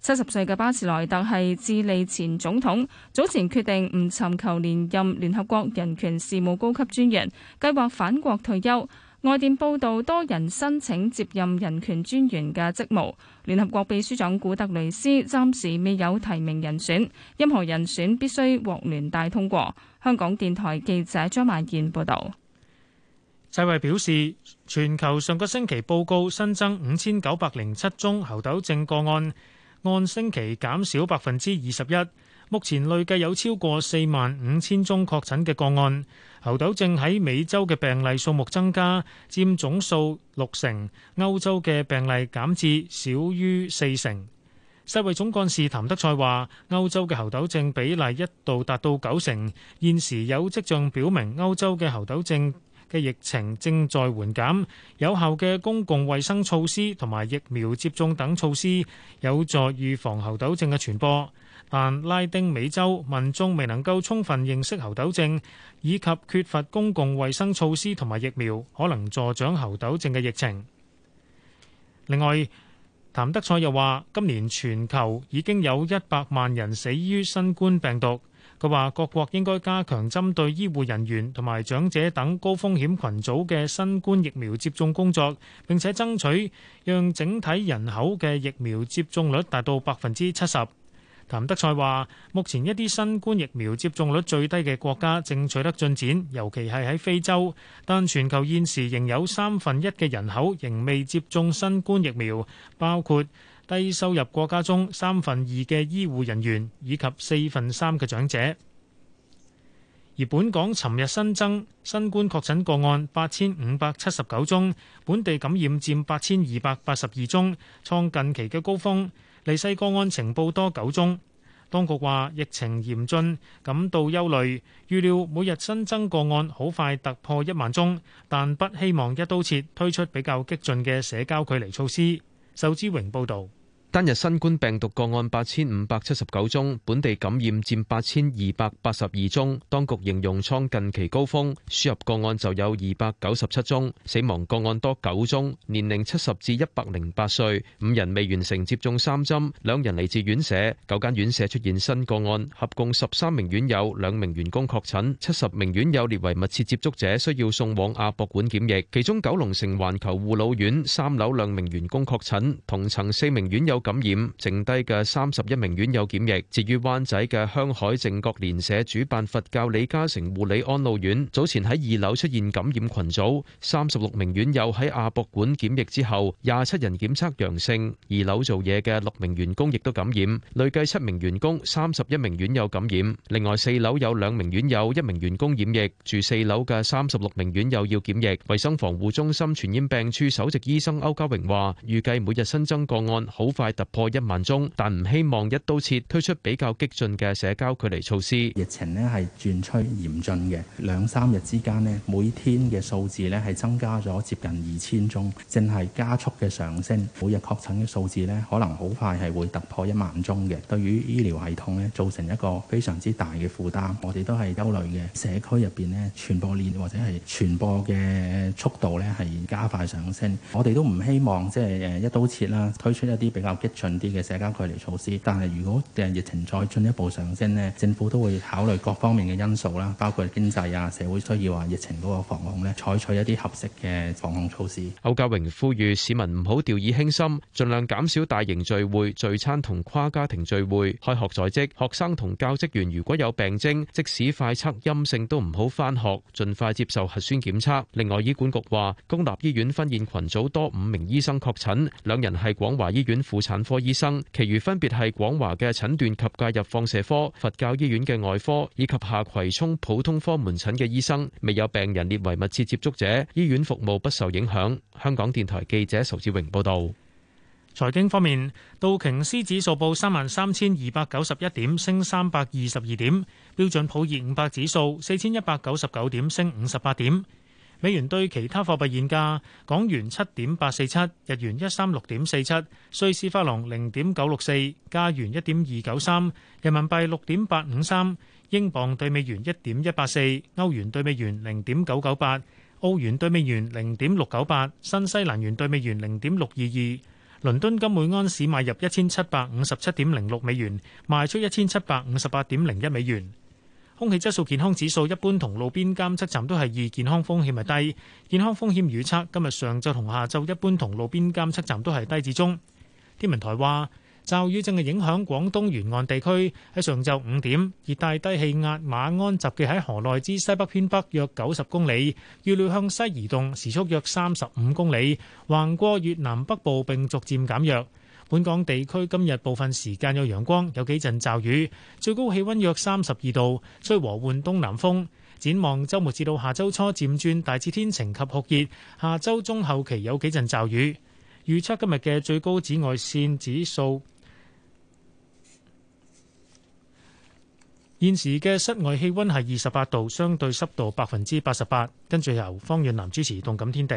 七十歲嘅巴斯萊特係智利前總統，早前決定唔尋求連任聯合國人權事務高級專員，計劃返國退休。外電報導，多人申請接任人權專員嘅職務。聯合國秘書長古特雷斯暫時未有提名人選，任何人選必須獲聯大通過。香港電台記者張曼健報導。世衛表示，全球上個星期報告新增五千九百零七宗猴痘症個案。按星期減少百分之二十一，目前累計有超過四萬五千宗確診嘅個案。猴痘症喺美洲嘅病例數目增加，佔總數六成；歐洲嘅病例減至少於四成。世衞總幹事譚德賽話，歐洲嘅猴痘症比例一度達到九成，現時有跡象表明歐洲嘅猴痘症嘅疫情正在緩減，有效嘅公共衛生措施同埋疫苗接種等措施有助預防猴痘症嘅傳播。但拉丁美洲民眾未能夠充分認識猴痘症，以及缺乏公共衛生措施同埋疫苗，可能助長猴痘症嘅疫情。另外，譚德塞又話今年全球已經有一百萬人死於新冠病毒。佢話：各國應該加強針對醫護人員同埋長者等高風險群組嘅新冠疫苗接種工作，並且爭取讓整體人口嘅疫苗接種率達到百分之七十。譚德塞話：目前一啲新冠疫苗接種率最低嘅國家正取得進展，尤其係喺非洲，但全球現時仍有三分一嘅人口仍未接種新冠疫苗，包括，低收入國家中三分二嘅醫護人員以及四分三嘅長者。而本港尋日新增新冠確診個案八千五百七十九宗，本地感染佔八千二百八十二宗，創近期嘅高峰。離世個案情報多九宗。當局話疫情嚴峻，感到憂慮，預料每日新增個案好快突破一萬宗，但不希望一刀切推出比較激進嘅社交距離措施。仇之榮報導。單日新冠病毒個案八千五百七十九宗，本地感染佔八千二百八十二宗。當局形容創近期高峰，輸入個案就有二百九十七宗，死亡個案多九宗，年齡七十至一百零八歲，五人未完成接種三針，兩人嚟自院舍，九間院舍出現新個案，合共十三名院友，兩名員工確診，七十名院友列為密切接觸者，需要送往亞博館檢疫。其中九龍城環球護老院三樓兩名員工確診，同層四名院友，感染，剩低嘅三十一名院友檢疫。至於灣仔嘅香海正覺蓮社主辦佛教李嘉誠護理安老院，早前喺二樓出現感染群組，三十六名院友喺亞博館檢疫之後，廿七人檢測陽性，二樓做嘢嘅六名員工亦都感染，累計七名員工、三十一名院友感染。另外四樓有兩名院友、一名員工染疫，住四樓嘅三十六名院友要檢疫。衛生防護中心傳染病處首席醫生歐家榮話，預計每日新增個案好快。突破一萬宗，但唔希望一刀切推出比較激進嘅社交距離措施。疫情呢係轉趨嚴峻嘅，兩三日之間呢，每天嘅數字呢係增加咗接近二千宗，淨係加速嘅上升。每日確診嘅數字呢可能好快係會突破一萬宗嘅，對於醫療系統呢造成一個非常之大嘅負擔，我哋都係憂慮嘅，社區入邊呢傳播鏈或者係傳播嘅速度呢係加快上升。我哋都唔希望即係誒一刀切啦，推出一啲比較。激進啲嘅社交距離措施，但係如果誒疫情再進一步上升咧，政府都會考慮各方面嘅因素啦，包括經濟啊、社會需要啊、疫情嗰個防控咧，採取一啲合適嘅防控措施。歐家榮呼籲市民唔好掉以輕心，盡量減少大型聚會、聚餐同跨家庭聚會。開學在即，學生同教職員如果有病徵，即使快測陰性都唔好返學，盡快接受核酸檢測。另外，醫管局話公立醫院婚宴群組多五名醫生確診，兩人係廣華醫院附產科醫生，其餘分別係廣華嘅診斷及介入放射科、佛教醫院嘅外科以及下葵涌普通科門診嘅醫生，未有病人列為密切接觸者，醫院服務不受影響。香港電台記者仇志榮報道。財經方面，道瓊斯指數報三萬三千二百九十一點，升三百二十二點；標準普爾五百指數四千一百九十九點，升五十八點。美元兌其他貨幣現價：港元七點八四七，日元一三六點四七，瑞士法郎零點九六四，加元一點二九三，人民幣六點八五三，英鎊對美元一點一八四，歐元對美元零點九九八，澳元對美元零點六九八，新西蘭元對美元零點六二二。倫敦金每安士買入一千七百五十七點零六美元，賣出一千七百五十八點零一美元。空氣質素健康指數一般同路邊監測站都係二，健康風險係低。健康風險預測今日上晝同下晝一般同路邊監測站都係低至中。天文台話，驟雨正係影響廣東沿岸地區。喺上晝五點，熱帶低氣壓馬鞍集結喺河內之西北偏北約九十公里，預料向西移動，時速約三十五公里，橫過越南北部並逐漸減弱。本港地區今日部分時間有陽光，有幾陣驟雨，最高氣溫約三十二度，吹和緩東南風。展望周末至到下周初漸轉大致天晴及酷熱，下周中後期有幾陣驟雨。預測今日嘅最高紫外線指數，現時嘅室外氣溫係二十八度，相對濕度百分之八十八。跟住由方潤南主持《動感天地》。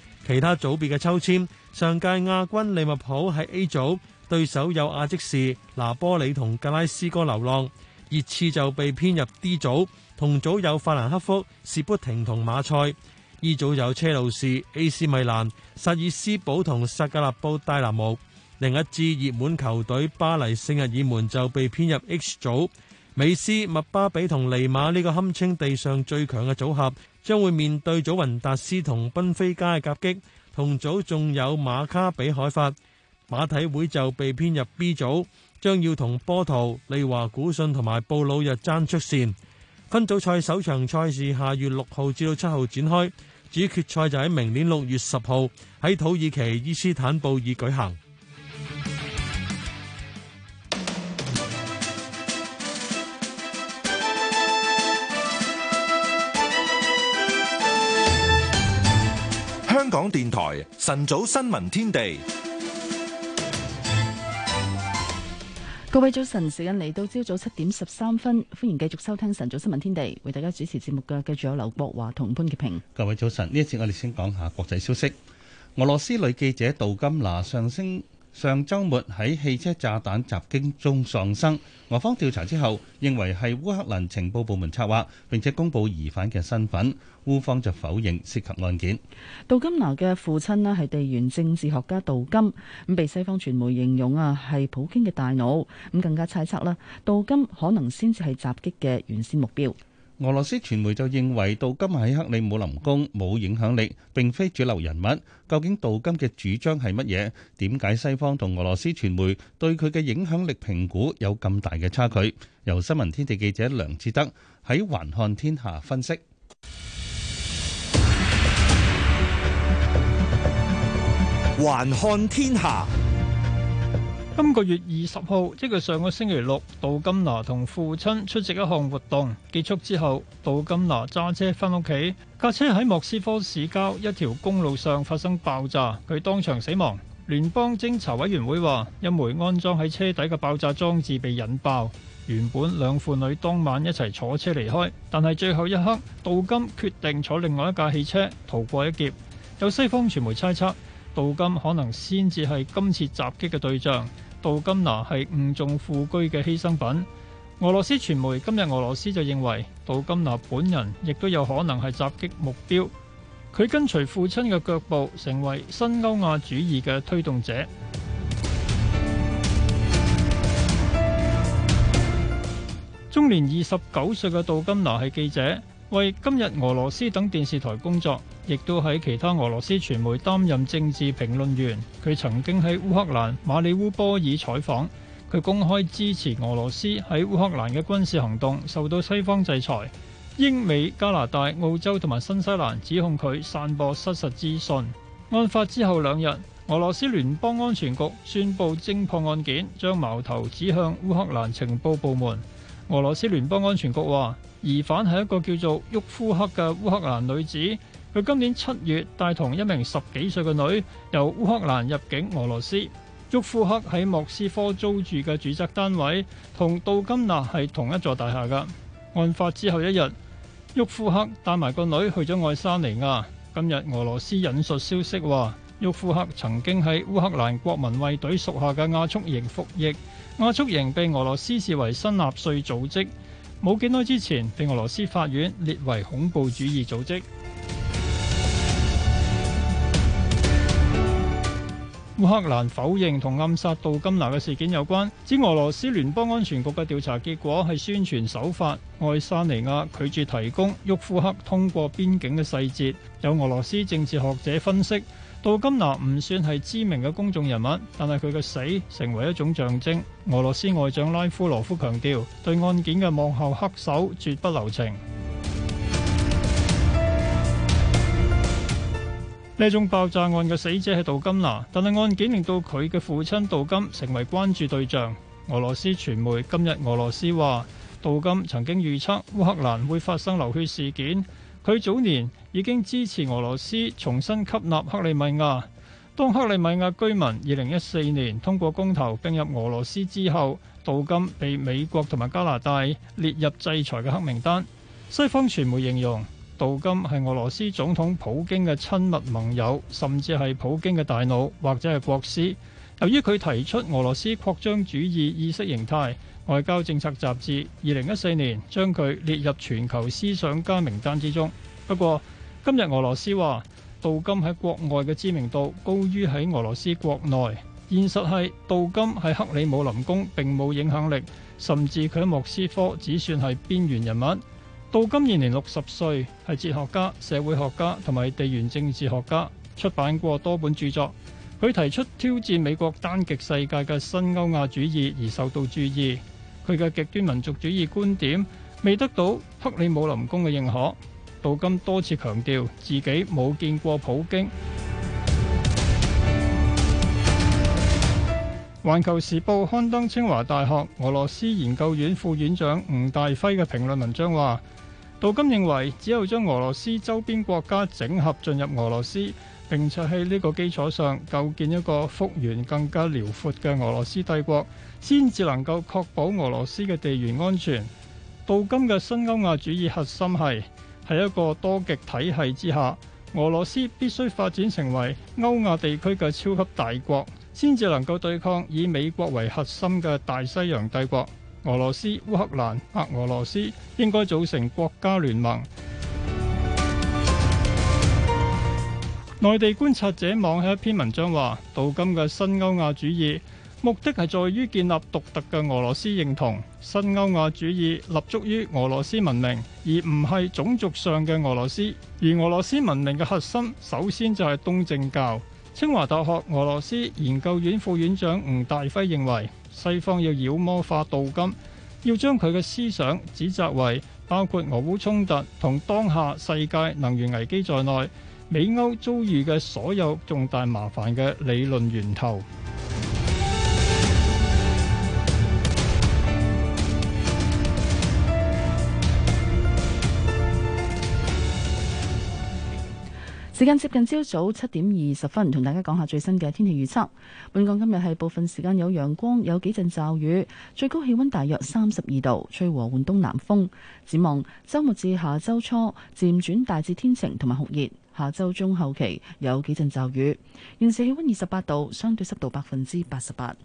其他組別嘅抽籤，上屆亞軍利物浦喺 A 組，對手有阿積士、拿波里同格拉斯哥流浪，熱刺就被編入 D 組，同組有法蘭克福、士砵亭同馬賽。E 組有車路士、AC 米蘭、薩爾斯堡同薩格勒布戴拿姆。另一支熱門球隊巴黎聖日耳門就被編入 H 組，美斯、麥巴比同尼馬呢個堪稱地上最強嘅組合。將會面對祖雲達斯同賓菲加嘅夾擊，同組仲有馬卡比海法，馬體會就被編入 B 組，將要同波圖、利華古信同埋布魯日爭出線。分組賽首場賽事下月六號至到七號展開，主決賽就喺明年六月十號喺土耳其伊斯坦布爾舉行。港電台晨早新聞天地，各位早晨，時間嚟到朝早七點十三分，歡迎繼續收聽晨早新聞天地，為大家主持節目嘅，繼續有劉博華同潘潔平。各位早晨，呢一次我哋先講下國際消息，俄羅斯女記者杜金娜上升。上周末喺汽車炸彈襲擊中喪生，俄方調查之後認為係烏克蘭情報部門策劃，並且公佈疑犯嘅身份，烏方就否認涉及案件。杜金娜嘅父親呢係地緣政治學家杜金，咁被西方傳媒形容啊係普京嘅大腦，咁更加猜測啦，杜金可能先至係襲擊嘅原先目標。俄羅斯傳媒就認為杜金喺克里姆林宮冇影響力，並非主流人物。究竟杜金嘅主張係乜嘢？點解西方同俄羅斯傳媒對佢嘅影響力評估有咁大嘅差距？由新聞天地記者梁志德喺環看天下分析。環看天下。今個月二十號，即係上個星期六，杜金娜同父親出席一項活動，結束之後，杜金娜揸車返屋企，架車喺莫斯科市郊一條公路上發生爆炸，佢當場死亡。聯邦偵查委員會話，一枚安裝喺車底嘅爆炸裝置被引爆。原本兩父女當晚一齊坐車離開，但係最後一刻，杜金決定坐另外一架汽車逃過一劫。有西方傳媒猜測，杜金可能先至係今次襲擊嘅對象。杜金娜係誤中副車嘅犧牲品。俄羅斯傳媒今日俄羅斯就認為杜金娜本人亦都有可能係襲擊目標。佢跟隨父親嘅腳步，成為新歐亞主義嘅推動者。 終年二十九歲嘅杜金娜係記者，為今日俄羅斯等電視台工作。亦都喺其他俄羅斯傳媒擔任政治評論員，佢曾經喺烏克蘭馬里烏波爾採訪，佢公開支持俄羅斯喺烏克蘭嘅軍事行動受到西方制裁。英美加拿大澳洲同埋新西蘭指控佢散播失實資訊。案發之後兩日，俄羅斯聯邦安全局宣布偵破案件，將矛頭指向烏克蘭情報部門。俄羅斯聯邦安全局話，疑犯係一個叫做沃夫克嘅烏克蘭女子。佢今年七月帶同一名十幾歲嘅女由烏克蘭入境俄羅斯。沃夫克喺莫斯科租住嘅住宅單位同杜金娜係同一座大廈嘅。案發之後一日，沃夫克帶埋個女去咗愛沙尼亞。今日俄羅斯引述消息話，沃夫克曾經喺烏克蘭國民衛隊屬下嘅亞速營服役。亞速營被俄羅斯視為新納粹組織，冇幾耐之前被俄羅斯法院列為恐怖主義組織。烏克蘭否認同暗殺杜金娜嘅事件有關，指俄羅斯聯邦安全局嘅調查結果係宣傳手法。愛沙尼亞拒絕提供沃夫克通過邊境嘅細節。有俄羅斯政治學者分析，杜金娜唔算係知名嘅公眾人物，但係佢嘅死成為一種象徵。俄羅斯外長拉夫羅夫強調，對案件嘅幕後黑手絕不留情。呢宗爆炸案嘅死者係杜金娜，但係案件令到佢嘅父親杜金成為關注對象。俄羅斯傳媒今日俄羅斯話，杜金曾經預測烏克蘭會發生流血事件，佢早年已經支持俄羅斯重新吸納克里米亞。當克里米亞居民二零一四年通過公投併入俄羅斯之後，杜金被美國同埋加拿大列入制裁嘅黑名單。西方傳媒形容，杜金係俄羅斯總統普京嘅親密盟友，甚至係普京嘅大腦或者係國師。由於佢提出俄羅斯擴張主義意識形態，外交政策雜誌二零一四年將佢列入全球思想家名單之中。不過今日俄羅斯話，杜金喺國外嘅知名度高於喺俄羅斯國內。現實係杜金喺克里姆林宮並冇影響力，甚至佢喺莫斯科只算係邊緣人物。杜金現年六十歲，係哲學家、社會學家同埋地緣政治學家，出版過多本著作。佢提出挑戰美國單極世界嘅新歐亞主義而受到注意。佢嘅極端民族主義觀點未得到克里姆林宮嘅認可。杜金多次強調自己冇見過普京。環球時報刊登清華大學俄羅斯研究院副院長吳大輝嘅評論文章話。杜金認為，只有將俄羅斯周邊國家整合進入俄羅斯，並且喺呢個基礎上構建一個幅員更加遼闊嘅俄羅斯帝國，先至能夠確保俄羅斯嘅地緣安全。杜金嘅新歐亞主義核心係喺一個多極體系之下，俄羅斯必須發展成為歐亞地區嘅超級大國，先至能夠對抗以美國為核心嘅大西洋帝國。俄羅斯、烏克蘭、白俄羅斯應該組成國家聯盟。內地觀察者網喺一篇文章話：杜金嘅新歐亞主義目的係在於建立獨特嘅俄羅斯認同。新歐亞主義立足於俄羅斯文明，而唔係種族上嘅俄羅斯。而俄羅斯文明嘅核心，首先就係東正教。清華大學俄羅斯研究院副院長吳大輝認為，西方要妖魔化杜金，要將佢嘅思想指責為包括俄烏衝突同當下世界能源危機在內，美歐遭遇嘅所有重大麻煩嘅理論源頭。時間接近朝早七點二十分，同大家講下最新嘅天氣預測。本港今日係部分時間有陽光，有幾陣驟雨，最高氣溫大約三十二度，吹和緩東南風。展望周末至下周初漸轉大致天晴同埋酷熱，下周中後期有幾陣驟雨。現時氣溫二十八度，相對濕度百分之八十八。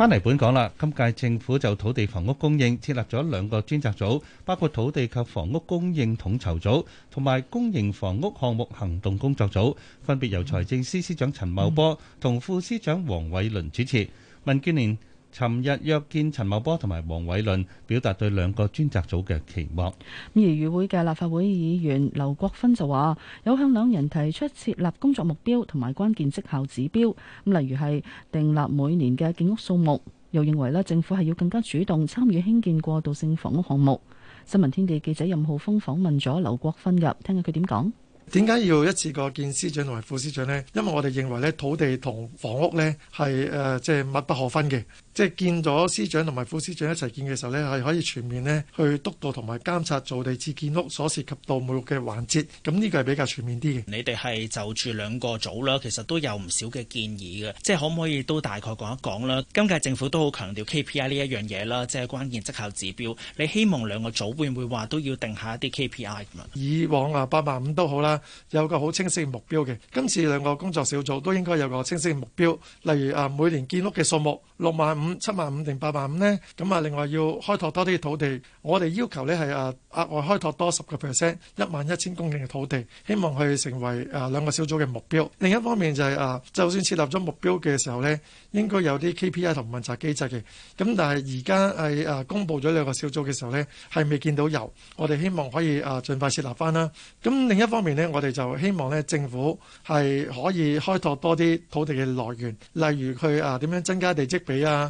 翻嚟本港啦，今屆政府就土地房屋供應設立咗兩個專責組，包括土地及房屋供應統籌組同埋公營房屋項目行動工作組，分別由財政司司長陳茂波同副司長黃偉綸主持。民建聯尋日約見陳茂波同埋黃偉綸，表達對兩個專責組嘅期望。咁而與會嘅立法會議員劉國勳就話：有向兩人提出設立工作目標同埋關鍵績效指標，咁例如係訂立每年嘅建屋數目。又認為咧，政府係要更加主動參與興建過渡性房屋項目。新聞天地記者任浩峰訪問咗劉國勳㗎，聽下佢點講？點解要一次過見司長同埋副司長呢？因為我哋認為咧，土地同房屋咧係誒即係密不可分嘅。即係見咗司長同埋副司長一齊見嘅時候呢係可以全面呢去督導同埋監察造地置建屋所涉及到每一個嘅環節。咁、這、呢個係比較全面啲嘅。你哋係就住兩個組啦，其實都有唔少嘅建議嘅。即係可唔可以都大概講一講啦？今屆政府都好強調 KPI 呢一樣嘢啦，即係關鍵績效指標。你希望兩個組會唔會話都要定下一啲 KPI？以往啊，八萬五都好啦，有個好清晰目標嘅。今次兩個工作小組都應該有個清晰目標，例如啊，每年建屋嘅數目六萬五。65，七萬五定八萬五呢？咁啊，另外要開拓多啲土地。我哋要求呢係啊，額外開拓多十個 percent 一萬一千公頃）嘅土地，希望佢成為啊兩個小組嘅目標。另一方面就係啊，就算設立咗目標嘅時候呢，應該有啲 KPI 同問責機制嘅。咁但係而家係啊，公布咗兩個小組嘅時候呢，係未見到有。我哋希望可以啊，儘快設立返啦。咁另一方面呢，我哋就希望呢政府係可以開拓多啲土地嘅來源，例如佢啊點樣增加地積比啊。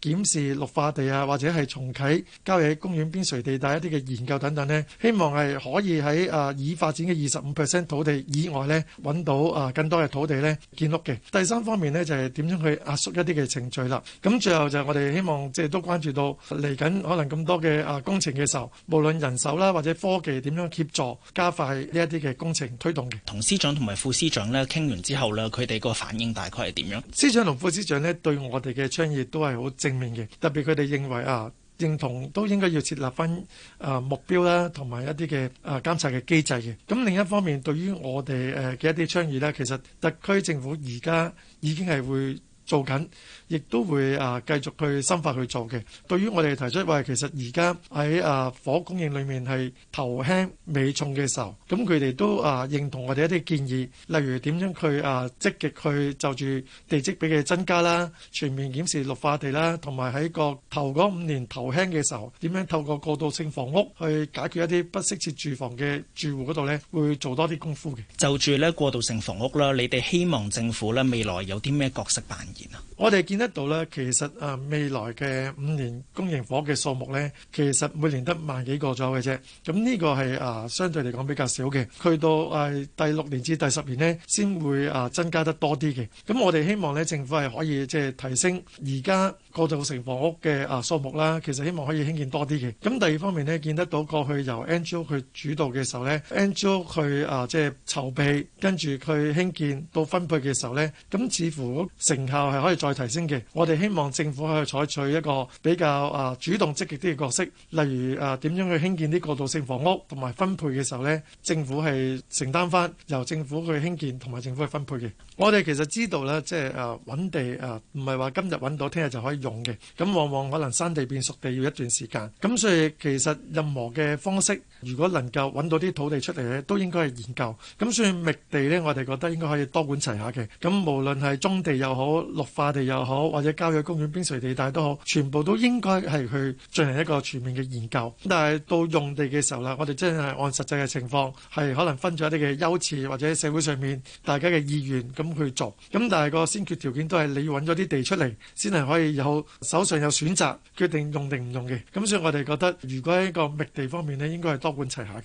檢視綠化地啊，或者係重啟郊野公園邊陲地帶一啲嘅研究等等呢，希望係可以喺啊已發展嘅二十五 percent 土地以外呢，揾到啊更多嘅土地呢建屋嘅。第三方面呢，就係、是、點樣去壓縮一啲嘅程序啦。咁、嗯、最後就係我哋希望即係、就是、都關注到嚟緊可能咁多嘅啊工程嘅時候，無論人手啦、啊、或者科技點樣協助加快呢一啲嘅工程推動嘅。同司長同埋副司長呢傾完之後呢，佢哋個反應大概係點樣？司長同副司長呢對我哋嘅倡議都係好正。證明嘅，特別佢哋認為啊，認同都應該要設立翻啊目標啦，同埋一啲嘅啊監察嘅機制嘅。咁另一方面，對於我哋誒嘅一啲倡議咧，其實特區政府而家已經係會做緊。亦都會啊，繼續去深化去做嘅。對於我哋提出話，其實而家喺啊，房屋供應裏面係頭輕尾重嘅時候，咁佢哋都啊認同我哋一啲建議，例如點樣佢啊積極去就住地積比嘅增加啦，全面檢視綠化地啦，同埋喺個頭嗰五年頭輕嘅時候，點樣透過過渡性房屋去解決一啲不適切住房嘅住戶嗰度呢？會做多啲功夫嘅。就住呢過渡性房屋啦，你哋希望政府呢未來有啲咩角色扮演啊？我哋見得到咧，其實啊未來嘅五年公營房屋嘅數目咧，其實每年得萬幾個左右嘅啫。咁呢個係啊相對嚟講比較少嘅。去到啊第六年至第十年呢，先會啊增加得多啲嘅。咁我哋希望咧政府係可以即係提升而家過渡性房屋嘅啊數目啦。其實希望可以興建多啲嘅。咁第二方面呢，見得到過去由 NGO 主導嘅時候咧，NGO 啊即係籌備，跟住佢興建到分配嘅時候咧，咁似乎成效係可以再提升嘅，我哋希望政府可以採取一個比較啊主動積極啲嘅角色，例如啊點樣去興建啲過渡性房屋同埋分配嘅時候咧，政府係承擔翻由政府去興建同埋政府去分配嘅。我哋其實知道咧，即係啊揾地啊，唔係話今日揾到聽日就可以用嘅，咁往往可能生地變熟地要一段時間，咁所以其實任何嘅方式。如果能夠揾到啲土地出嚟咧，都應該係研究。咁所以覓地咧，我哋覺得應該可以多管齊下嘅。咁無論係棕地又好、綠化地又好，或者郊野公園邊陲地帶都好，全部都應該係去進行一個全面嘅研究。但係到用地嘅時候啦，我哋真係按實際嘅情況，係可能分咗一啲嘅優次，或者社會上面大家嘅意願咁去做。咁但係個先決條件都係你揾咗啲地出嚟，先係可以有手上有選擇決定用定唔用嘅。咁所以我哋覺得，如果喺個覓地方面咧，應該係多。管齊下嘅。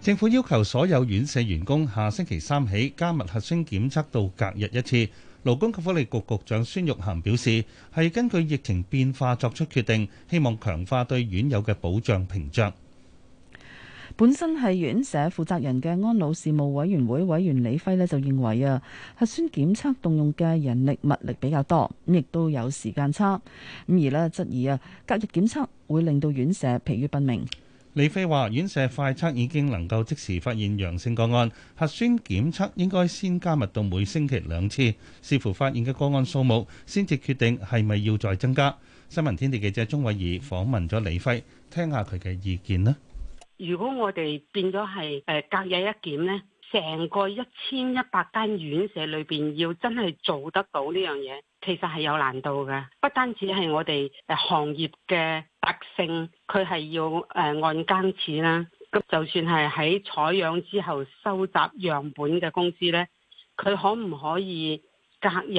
政府要求所有院舍員工下星期三起加密核酸檢測到隔日一次。勞工及福利局局長孫玉菡表示，係根據疫情變化作出決定，希望強化對院友嘅保障屏障。本身係院舍負責人嘅安老事務委員會委員李輝呢，就認為啊，核酸檢測動用嘅人力物力比較多，亦都有時間差，咁而呢質疑啊隔日檢測會令到院舍疲於奔命。李輝話：院舍快測已經能夠即時發現陽性個案，核酸檢測應該先加密到每星期兩次，視乎發現嘅個案數目，先至決定係咪要再增加。新聞天地記者鍾偉儀訪問咗李輝，聽下佢嘅意見啦。如果我哋變咗係誒隔日一檢咧，成個一千一百間院舍裏邊要真係做得到呢樣嘢，其實係有難度嘅。不單止係我哋誒行業嘅特性，佢係要誒按間次啦。咁就算係喺採樣之後收集樣本嘅公司咧，佢可唔可以隔日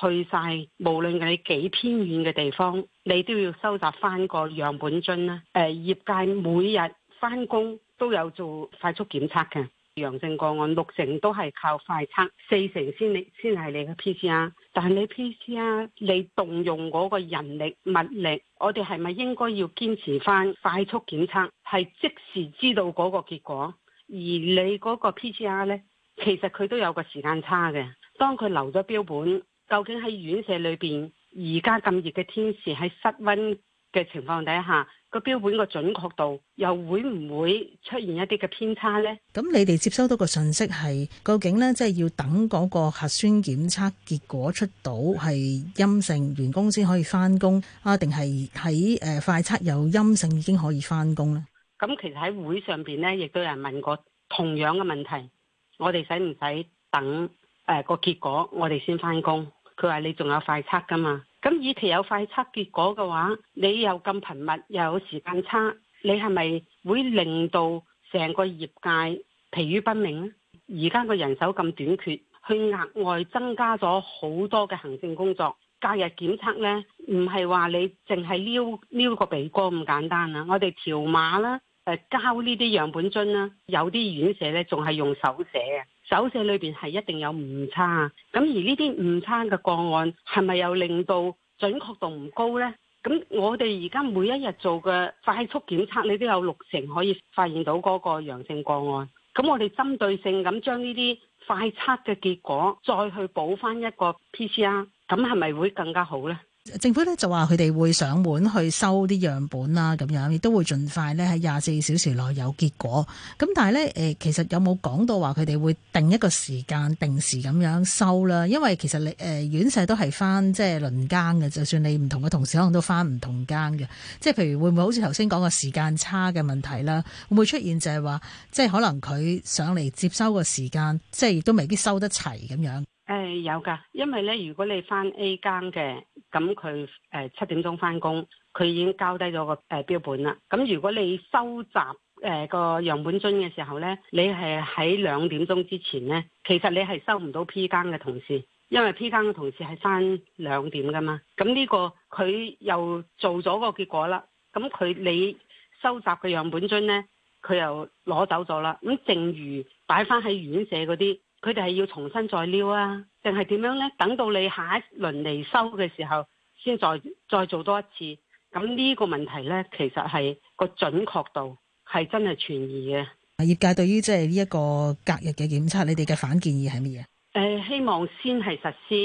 去晒無論你幾偏遠嘅地方，你都要收集翻個樣本樽咧？誒、呃、業界每日。翻工都有做快速檢測嘅。陽性個案六成都係靠快測，四成先你先係你嘅 P C R。但係你 P C R，你動用嗰個人力物力，我哋係咪應該要堅持翻快速檢測，係即時知道嗰個結果？而你嗰個 P C R 呢，其實佢都有個時間差嘅。當佢留咗標本，究竟喺院舍裏邊而家咁熱嘅天時，喺室温嘅情況底下。個標本個準確度又會唔會出現一啲嘅偏差呢？咁你哋接收到個信息係究竟呢？即係要等嗰個核酸檢測結果出到係陰性，員工先可以翻工啊？定係喺誒快測有陰性已經可以翻工呢？咁其實喺會上邊呢，亦都有人問過同樣嘅問題，我哋使唔使等誒個結果我，我哋先翻工？佢話你仲有快測㗎嘛？咁與其有快測結果嘅話，你又咁頻密，又有時間差，你係咪會令到成個業界疲於奔命咧？而家個人手咁短缺，去額外增加咗好多嘅行政工作，假日檢測呢，唔係話你淨係撩撩個鼻哥咁簡單啊！我哋條碼啦，誒交呢啲樣本樽啦，有啲院舍呢，仲係用手寫啊！手寫裏邊係一定有誤差，咁而呢啲誤差嘅個案係咪又令到準確度唔高呢？咁我哋而家每一日做嘅快速檢測，你都有六成可以發現到嗰個陽性個案，咁我哋針對性咁將呢啲快測嘅結果再去補返一個 PCR，咁係咪會更加好呢？政府咧，就話佢哋會上門去收啲樣本啦，咁樣亦都會盡快咧喺廿四小時內有結果。咁但係呢，誒，其實有冇講到話佢哋會定一個時間，定時咁樣收啦？因為其實你誒，院舍都係翻即係輪更嘅，就算你唔同嘅同事可能都翻唔同更嘅。即係譬如會唔會好似頭先講個時間差嘅問題啦？會唔會出現就係話，即係可能佢上嚟接收個時間，即係亦都未必收得齊咁樣？誒、哎，有噶，因為咧，如果你翻 A 間嘅，咁佢誒七點鐘翻工，佢已經交低咗個誒標本啦。咁如果你收集誒、呃、個樣本樽嘅時候咧，你係喺兩點鐘之前咧，其實你係收唔到 P 間嘅同事，因為 P 間嘅同事係翻兩點噶嘛。咁呢、這個佢又做咗個結果啦，咁佢你收集嘅樣本樽咧，佢又攞走咗啦。咁正如擺翻喺院舍嗰啲。佢哋係要重新再撩啊，定係點樣呢？等到你下一輪嚟收嘅時候，先再再做多一次。咁呢個問題呢，其實係個準確度係真係存疑嘅。業界對於即係呢一個隔日嘅檢測，你哋嘅反建議係乜嘢？誒，希望先係實施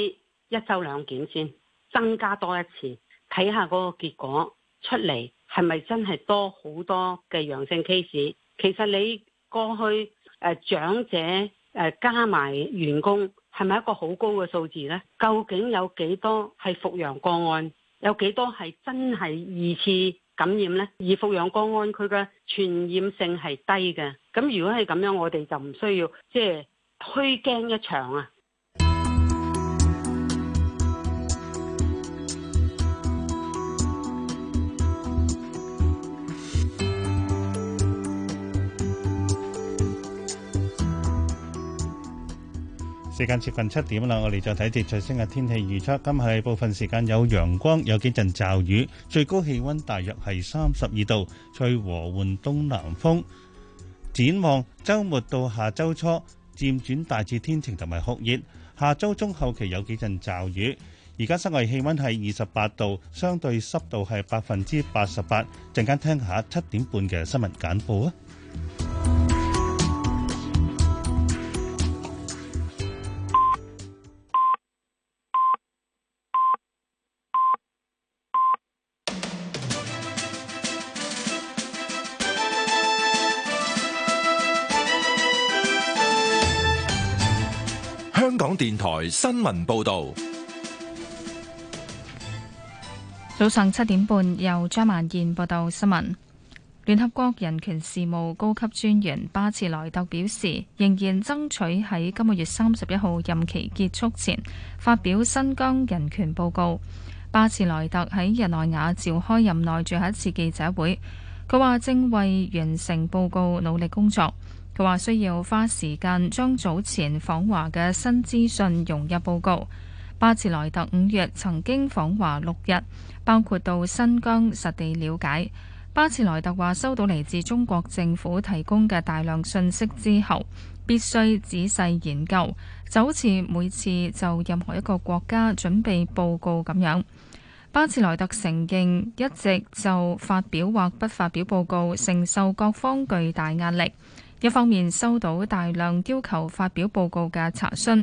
一周兩檢先，增加多一次睇下嗰個結果出嚟係咪真係多好多嘅陽性 case。其實你過去誒、呃、長者。誒，加埋員工係咪一個好高嘅數字呢？究竟有幾多係復陽個案？有幾多係真係二次感染呢？而復陽個案佢嘅傳染性係低嘅，咁如果係咁樣，我哋就唔需要即係虛驚一場啊！時間接近七點啦，我哋再睇下最新嘅天氣預測。今日部分時間有陽光，有幾陣驟雨，最高氣溫大約係三十二度，吹和緩東南風。展望週末到下週初漸轉大致天晴同埋酷熱，下週中後期有幾陣驟雨。而家室外氣溫係二十八度，相對濕度係百分之八十八。陣間聽下七點半嘅新聞簡報啊！電台新聞報道，早上七點半由張曼燕報道新聞。聯合國人權事務高級專員巴茨萊特表示，仍然爭取喺今個月三十一號任期結束前發表新疆人權報告。巴茨萊特喺日內瓦召開任內最後一次記者會，佢話正為完成報告努力工作。佢話需要花時間將早前訪華嘅新資訊融入報告。巴茨萊特五月曾經訪華六日，包括到新疆實地了解。巴茨萊特話收到嚟自中國政府提供嘅大量信息之後，必須仔細研究，就好似每次就任何一個國家準備報告咁樣。巴茨萊特承認一直就發表或不發表報告承受各方巨大壓力。一方面收到大量要求發表報告嘅查詢，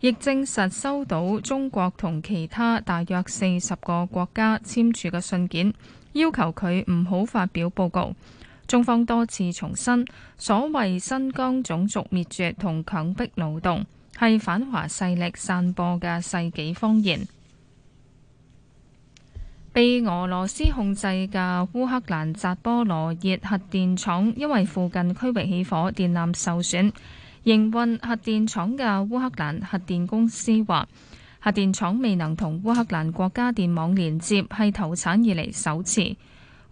亦證實收到中國同其他大約四十個國家簽署嘅信件，要求佢唔好發表報告。中方多次重申，所謂新疆種族滅絕同強迫勞動係反華勢力散播嘅世紀謊言。被俄羅斯控制嘅烏克蘭扎波羅熱核電廠，因為附近區域起火，電纜受損。營運核電廠嘅烏克蘭核電公司話，核電廠未能同烏克蘭國家電網連接，係投產以嚟首次。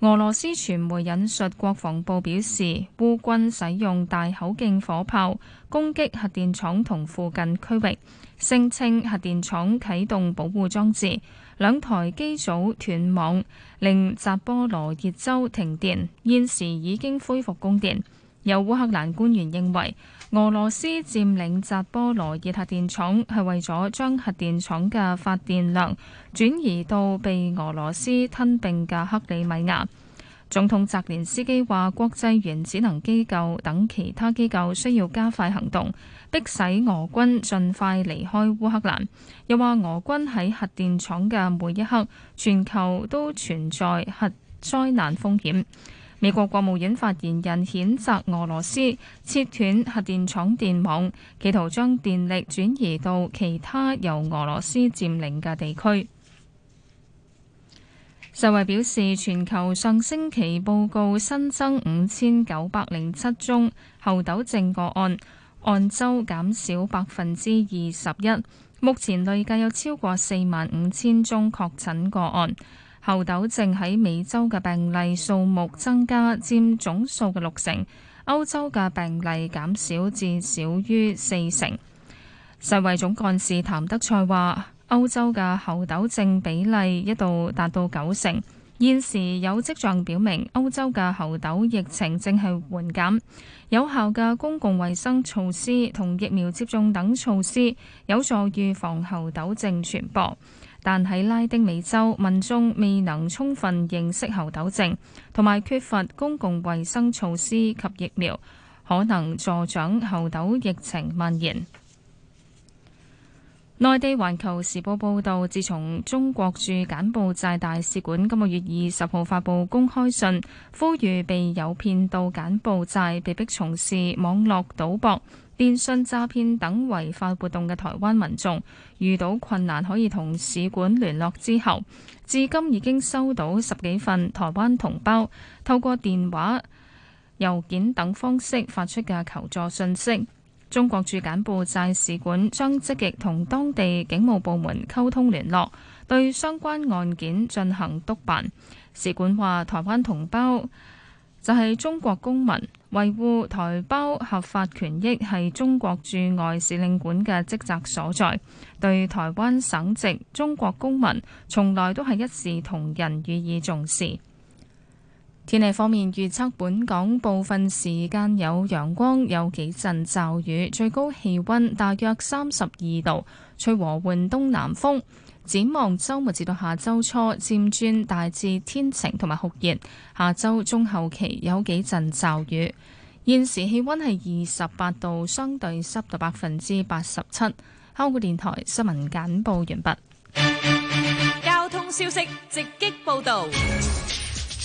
俄羅斯傳媒引述國防部表示，烏軍使用大口徑火炮攻擊核電廠同附近區域，聲稱核電廠啟動保護裝置，兩台機組斷網，令扎波羅熱州停電，現時已經恢復供電。有烏克蘭官員認為，俄羅斯佔領扎波羅熱核電廠係為咗將核電廠嘅發電量轉移到被俄羅斯吞併嘅克里米亞。總統澤連斯基話：國際原子能機構等其他機構需要加快行動，迫使俄軍盡快離開烏克蘭。又話俄軍喺核電廠嘅每一刻，全球都存在核災難風險。美國國務院發言人譴責俄羅斯切斷核電廠電網，企圖將電力轉移到其他由俄羅斯佔領嘅地區。世衛表示，全球上星期報告新增五千九百零七宗猴痘症個案，按週減少百分之二十一。目前累計有超過四萬五千宗確診個案。猴痘症喺美洲嘅病例數目增加，佔總數嘅六成；歐洲嘅病例減少至少於四成。世衛總幹事譚德塞話，歐洲嘅猴痘症比例一度達到九成，現時有跡象表明歐洲嘅猴痘疫情正係緩減。有效嘅公共衛生措施同疫苗接種等措施，有助預防猴痘症傳播。但喺拉丁美洲，民眾未能充分認識猴痘症，同埋缺乏公共衛生措施及疫苗，可能助長猴痘疫情蔓延。內地《環球時報》報道，自從中國駐柬埔寨大使館今個月二十號發布公開信，呼籲被誘騙到柬埔寨被逼從事網絡賭博、電信詐騙等違法活動嘅台灣民眾遇到困難可以同使館聯絡之後，至今已經收到十幾份台灣同胞透過電話、郵件等方式發出嘅求助信息。中國駐柬埔寨使館將積極同當地警務部門溝通聯絡，對相關案件進行督辦。使館話台灣同胞就係中國公民。維護台胞合法權益係中國駐外使領館嘅職責所在，對台灣省籍中國公民，從來都係一視同仁予以重視。天氣方面預測，本港部分時間有陽光，有幾陣驟雨，最高氣溫大約三十二度，吹和緩東南風。展望周末至到下周初，漸轉大致天晴同埋酷熱。下周中後期有幾陣驟雨。現時氣溫係二十八度，相對濕度百分之八十七。香港電台新聞簡報完畢。交通消息直擊報道。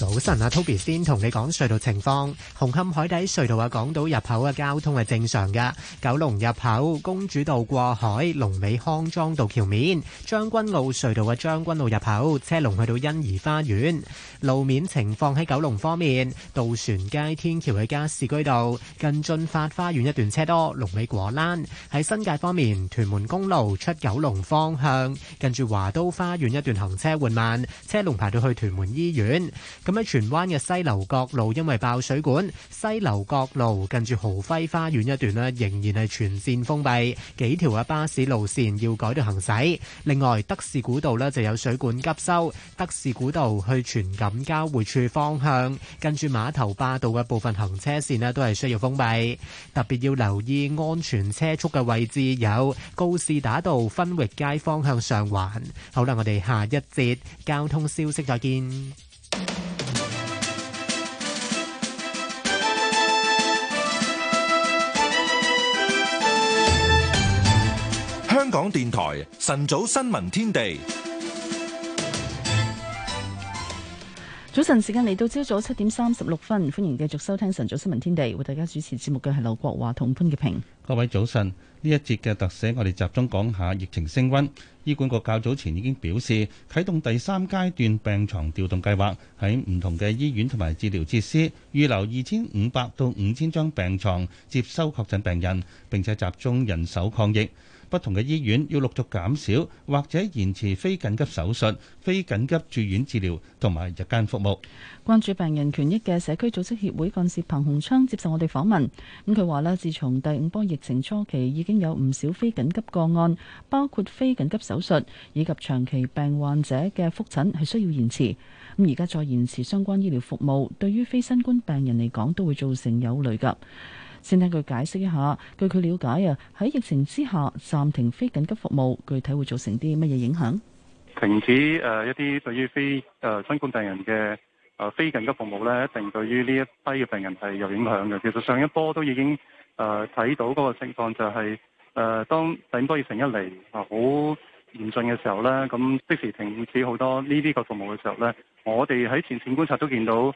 早晨啊，Toby 先同你講隧道情況。紅磡海底隧道啊，港島入口嘅交通係正常㗎。九龍入口公主道過海，龍尾康莊道橋面。將軍澳隧道嘅將軍澳入口車龍去到欣怡花園。路面情況喺九龍方面，渡船街天橋嘅加士居道近駿發花園一段車多，龍尾果欄。喺新界方面，屯門公路出九龍方向近住華都花園一段行車緩慢，車龍排到去屯門醫院。咁喺荃灣嘅西樓角路，因為爆水管，西樓角路近住豪輝花園一段咧，仍然係全綫封閉，幾條嘅巴士路綫要改道行駛。另外，德士古道咧就有水管急修，德士古道去荃錦交匯處方向，近住碼頭霸道嘅部分行車綫咧都係需要封閉，特別要留意安全車速嘅位置有高士打道分域街方向上環。好啦，我哋下一節交通消息再見。香港電台晨早新聞天地，早晨時間嚟到，朝早七點三十六分，歡迎繼續收聽晨早新聞天地。為大家主持節目嘅係劉國華同潘潔平。各位早晨，呢一節嘅特寫，我哋集中講下疫情升温。醫管局較早前已經表示啟動第三階段病床調動計劃，喺唔同嘅醫院同埋治療設施預留二千五百到五千張病床接收確診病人，並且集中人手抗疫。不同嘅醫院要陸續減少或者延遲非緊急手術、非緊急住院治療同埋日間服務。關注病人權益嘅社區組織協會幹事彭洪昌接受我哋訪問，咁佢話咧，自從第五波疫情初期已經有唔少非緊急個案，包括非緊急手術以及長期病患者嘅覆診係需要延遲。咁而家再延遲相關醫療服務，對於非新冠病人嚟講都會造成有累㗎。先聽佢解釋一下。據佢了解啊，喺疫情之下暫停非緊急服務，具體會造成啲乜嘢影響？停止誒，一啲對於非誒、呃、新冠病人嘅誒、呃、非緊急服務咧，一定對於呢一批嘅病人係有影響嘅。其實上一波都已經誒睇、呃、到嗰個情況、就是，就係誒當第五波疫情一嚟啊好嚴峻嘅時候咧，咁即時停止好多呢啲個服務嘅時候咧，我哋喺前線觀察都見到誒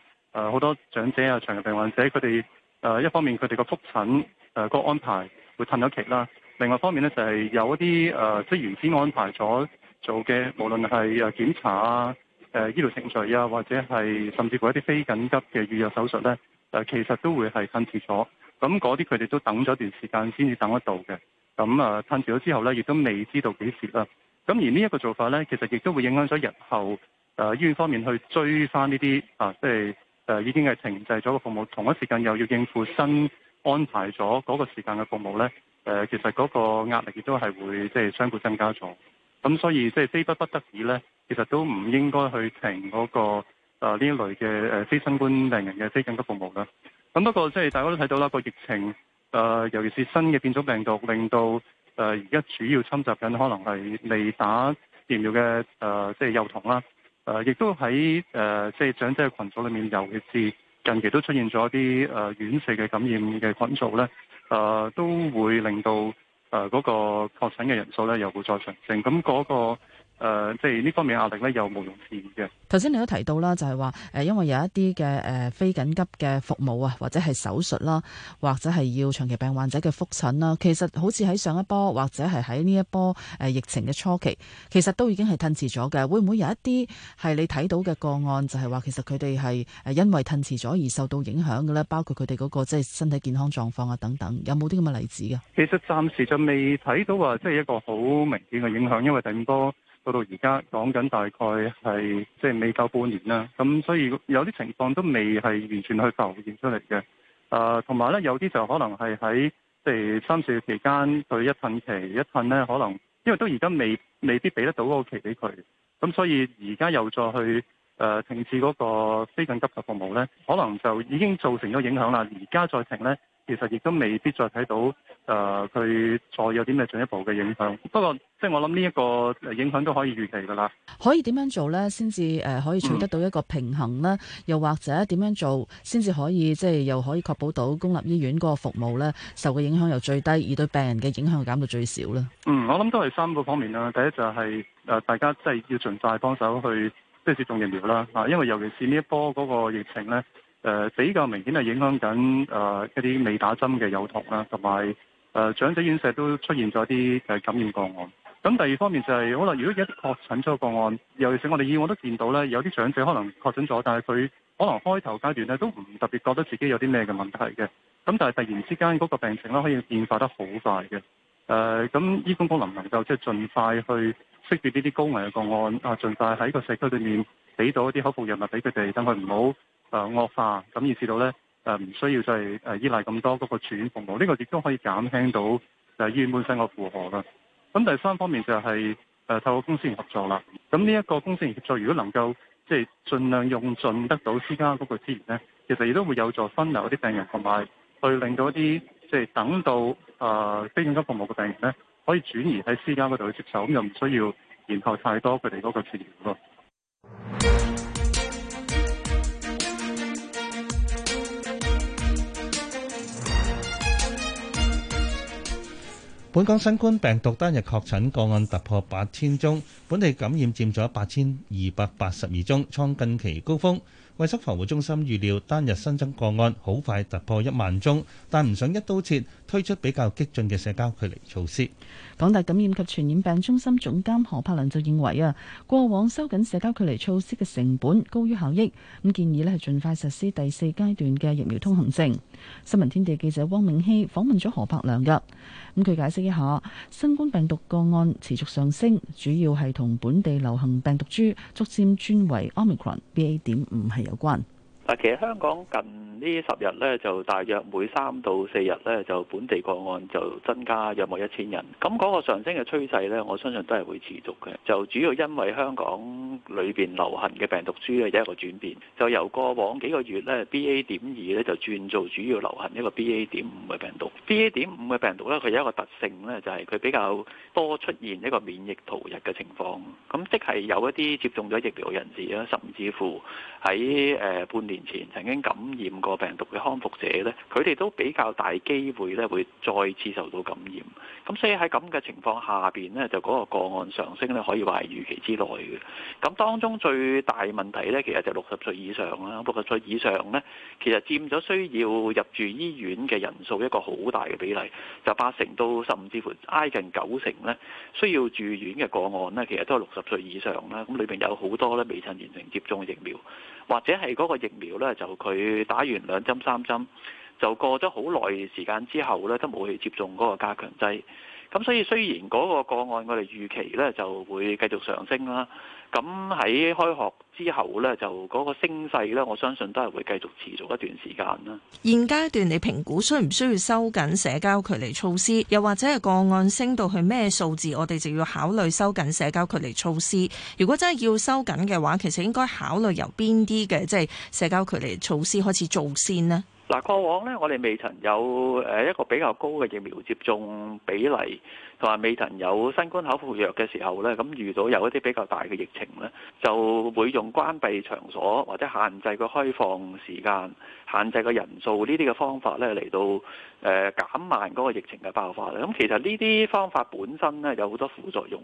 好多長者啊、長期病患者，佢哋。誒、uh，一方面佢哋個復診誒個、呃、安排會褪咗期啦，另外方面呢，就係、是、有一啲、呃、即係原先安排咗做嘅，無論係誒檢查啊、誒、呃、醫療程序啊，或者係甚至乎一啲非緊急嘅預約手術呢，誒、呃、其實都會係褪遲咗。咁嗰啲佢哋都等咗段時間先至等得到嘅。咁啊褪遲咗之後呢，亦都未知道幾時啦。咁而呢一個做法呢，其實亦都會影響咗日後誒、呃、醫院方面去追翻呢啲啊，即係。誒已經係停滯咗個服務，同一時間又要應付新安排咗嗰個時間嘅服務呢誒、呃、其實嗰個壓力亦都係會即係雙倍增加咗。咁所以即係非不不得已呢，其實都唔應該去停嗰、那個呢、呃、一類嘅誒、呃、非新冠病人嘅非緊急服務啦。咁不過即係大家都睇到啦，這個疫情誒、呃，尤其是新嘅變種病毒，令到誒而家主要侵襲緊可能係未打疫苗嘅誒、呃、即係幼童啦。誒，亦、呃、都喺誒、呃，即係長者群組裏面，尤其是近期都出現咗啲誒院舍嘅感染嘅羣組咧，誒、呃、都會令到誒嗰、呃那個確診嘅人數咧又會再上升，咁、嗯、嗰、那個誒、呃，即係呢方面嘅壓力咧，又無從避免嘅。頭先你都提到啦，就係話誒，因為有一啲嘅誒非緊急嘅服務啊，或者係手術啦，或者係要長期病患者嘅複診啦、啊,其實好似喺上一波或者係喺呢一波誒、呃、疫情嘅初期，其實都已經係褪遲咗嘅。會唔會有一啲係你睇到嘅個案，就係、是、話其實佢哋係誒因為褪遲咗而受到影響嘅咧？包括佢哋嗰個即係身體健康狀況啊等等，有冇啲咁嘅例子嘅？其實暫時就未睇到話，即係一個好明顯嘅影響，因為第五波。到到而家講緊大概係即係未夠半年啦，咁所以有啲情況都未係完全去浮現出嚟嘅。誒、呃，同埋咧有啲就可能係喺即係三四月期間佢一寸期一寸咧，可能因為都而家未未必俾得到嗰個期俾佢，咁所以而家又再去誒、呃、停止嗰個非緊急嘅服務咧，可能就已經造成咗影響啦。而家再停咧。其實亦都未必再睇到，誒、呃、佢再有啲咩進一步嘅影響。不過，即、就、係、是、我諗呢一個影響都可以預期㗎啦。可以點樣做咧，先至誒可以取得到一個平衡咧？嗯、又或者點樣做，先至可以即係又可以確保到公立醫院嗰個服務咧，受嘅影響由最低，而對病人嘅影響又減到最少咧？嗯，我諗都係三個方面啦、啊。第一就係、是、誒、呃、大家即係要盡快幫手去即係接種疫苗啦。嚇、啊，因為尤其是呢一波嗰個疫情咧。誒、呃、比較明顯係影響緊誒、呃、一啲未打針嘅幼童啦，同埋誒長者院舍都出現咗啲誒感染個案。咁第二方面就係、是、可能，如果一啲確診咗個案，尤其是我哋以往都見到咧，有啲長者可能確診咗，但係佢可能開頭階段咧都唔特別覺得自己有啲咩嘅問題嘅。咁但係突然之間嗰個病情咧可以變化得好快嘅。誒、呃、咁，醫管局能唔能夠即係盡快去識別呢啲高危嘅個案啊？盡快喺個社區裏面俾到一啲口服藥物俾佢哋，等佢唔好誒惡化，咁意思到咧誒唔需要再係、呃、依賴咁多嗰個住院服務，呢、這個亦都可以減輕到誒、呃、醫院本身個負荷啦。咁、嗯、第三方面就係、是、誒、呃、透過公私營合作啦。咁呢一個公私營合作如果能夠即係盡量用盡得到私家嗰個資源咧，其實亦都會有助分流一啲病人，同埋去令到一啲即係等到誒、呃、非緊急服務嘅病人咧，可以轉移喺私家嗰度去接受，咁又唔需要延後太多佢哋嗰個治療咯。本港新冠病毒單日確診個案突破八千宗，本地感染佔咗八千二百八十二宗，創近期高峰。衞生防護中心預料單日新增個案好快突破一萬宗，但唔想一刀切推出比較激進嘅社交距離措施。港大感染及傳染病中心總監何柏良就認為啊，過往收緊社交距離措施嘅成本高於效益，咁建議呢係盡快實施第四階段嘅疫苗通行證。新聞天地記者汪明熙訪問咗何柏良噶，咁佢解釋一下，新冠病毒個案持續上升，主要係同本地流行病毒株逐漸轉為 omicron BA. 點五係。有關。嗱，其實香港近呢十日咧，就大約每三到四日咧，就本地個案就增加約莫一千人。咁嗰個上升嘅趨勢咧，我相信都係會持續嘅。就主要因為香港裏邊流行嘅病毒株咧，有一個轉變，就由過往幾個月咧，BA. 點二咧就轉做主要流行一個 BA. 點五嘅病毒。BA. 點五嘅病毒咧，佢有一個特性咧，就係佢比較多出現一個免疫逃逸嘅情況。咁即係有一啲接種咗疫苗人士啦，甚至乎喺誒半年。年前曾經感染過病毒嘅康復者呢，佢哋都比較大機會呢會再次受到感染。咁所以喺咁嘅情況下邊呢，就嗰個個案上升呢，可以話係預期之內嘅。咁當中最大問題呢，其實就六十歲以上啦，六十歲以上呢，其實佔咗需要入住醫院嘅人數一個好大嘅比例，就八成到甚至乎挨近九成呢，需要住院嘅個案呢，其實都係六十歲以上啦。咁裏邊有好多呢，未曾完成接種疫苗，或者係嗰個疫苗。就佢打完兩針、三針，就過咗好耐時間之後咧，都冇去接種嗰個加強劑。咁所以雖然嗰個個案我哋預期咧就會繼續上升啦。咁喺開學之後呢，就嗰個升勢呢，我相信都係會繼續持續一段時間啦。現階段你評估需唔需要收緊社交距離措施，又或者係個案升到去咩數字，我哋就要考慮收緊社交距離措施。如果真係要收緊嘅話，其實應該考慮由邊啲嘅即係社交距離措施開始做先咧。嗱，過往呢，我哋未曾有誒一個比較高嘅疫苗接種比例。同埋未曾有新冠口服藥嘅時候呢，咁遇到有一啲比較大嘅疫情呢，就會用關閉場所或者限制個開放時間、限制個人數呢啲嘅方法呢嚟到誒、呃、減慢嗰個疫情嘅爆發。咁其實呢啲方法本身呢，有好多副作用，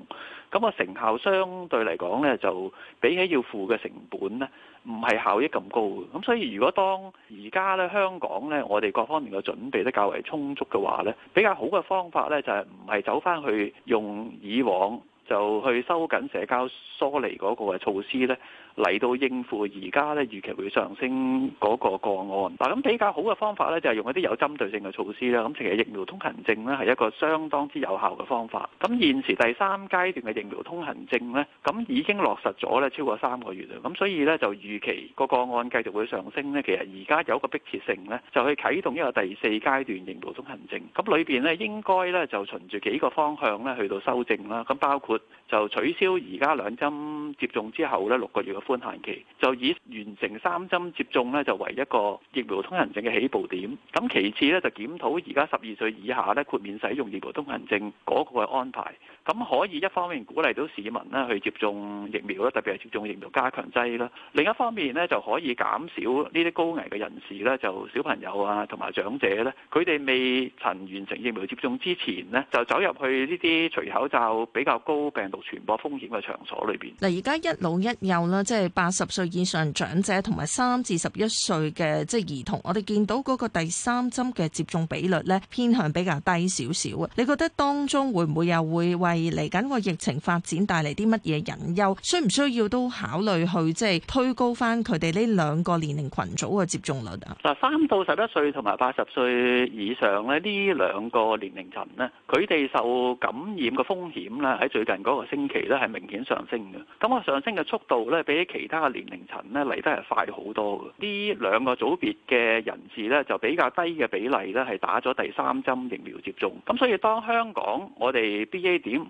咁、那個成效相對嚟講呢就比起要付嘅成本咧。唔係效益咁高，咁所以如果當而家咧香港咧，我哋各方面嘅準備得較為充足嘅話咧，比較好嘅方法咧就係唔係走翻去用以往就去收緊社交疏離嗰個嘅措施咧。嚟到應付而家咧預期會上升嗰個個案，嗱咁比較好嘅方法咧就係用一啲有針對性嘅措施啦。咁其實疫苗通行證咧係一個相當之有效嘅方法。咁現時第三階段嘅疫苗通行證咧，咁已經落實咗咧超過三個月啦。咁所以咧就預期個個案繼續會上升咧，其實而家有一個迫切性咧，就去啟動一個第四階段疫苗通行證。咁裏邊咧應該咧就循住幾個方向咧去到修正啦。咁包括就取消而家兩針接種之後咧六個月，寬限期就以完成三針接種咧，就為一個疫苗通行證嘅起步點。咁其次咧，就檢討而家十二歲以下咧，豁免使用疫苗通行證嗰個安排。咁可以一方面鼓勵到市民呢去接種疫苗啦，特別係接種疫苗加強劑啦。另一方面呢，就可以減少呢啲高危嘅人士啦，就小朋友啊，同埋長者咧，佢哋未曾完成疫苗接種之前呢，就走入去呢啲除口罩比較高病毒傳播風險嘅場所裏邊。嗱，而家一老一幼啦。即係八十歲以上長者同埋三至十一歲嘅即係兒童，我哋見到嗰個第三針嘅接種比率咧，偏向比較低少少啊。你覺得當中會唔會又會為嚟緊個疫情發展帶嚟啲乜嘢隱憂？需唔需要都考慮去即係推高翻佢哋呢兩個年齡群組嘅接種率啊？嗱，三到十一歲同埋八十歲以上咧，呢兩個年齡層咧，佢哋受感染嘅風險咧喺最近嗰個星期咧係明顯上升嘅。咁個上升嘅速度咧比。喺其他嘅年齡層咧嚟得係快好多嘅，呢兩個組別嘅人士咧就比較低嘅比例咧係打咗第三針疫苗接種。咁所以當香港我哋 BA. 點五。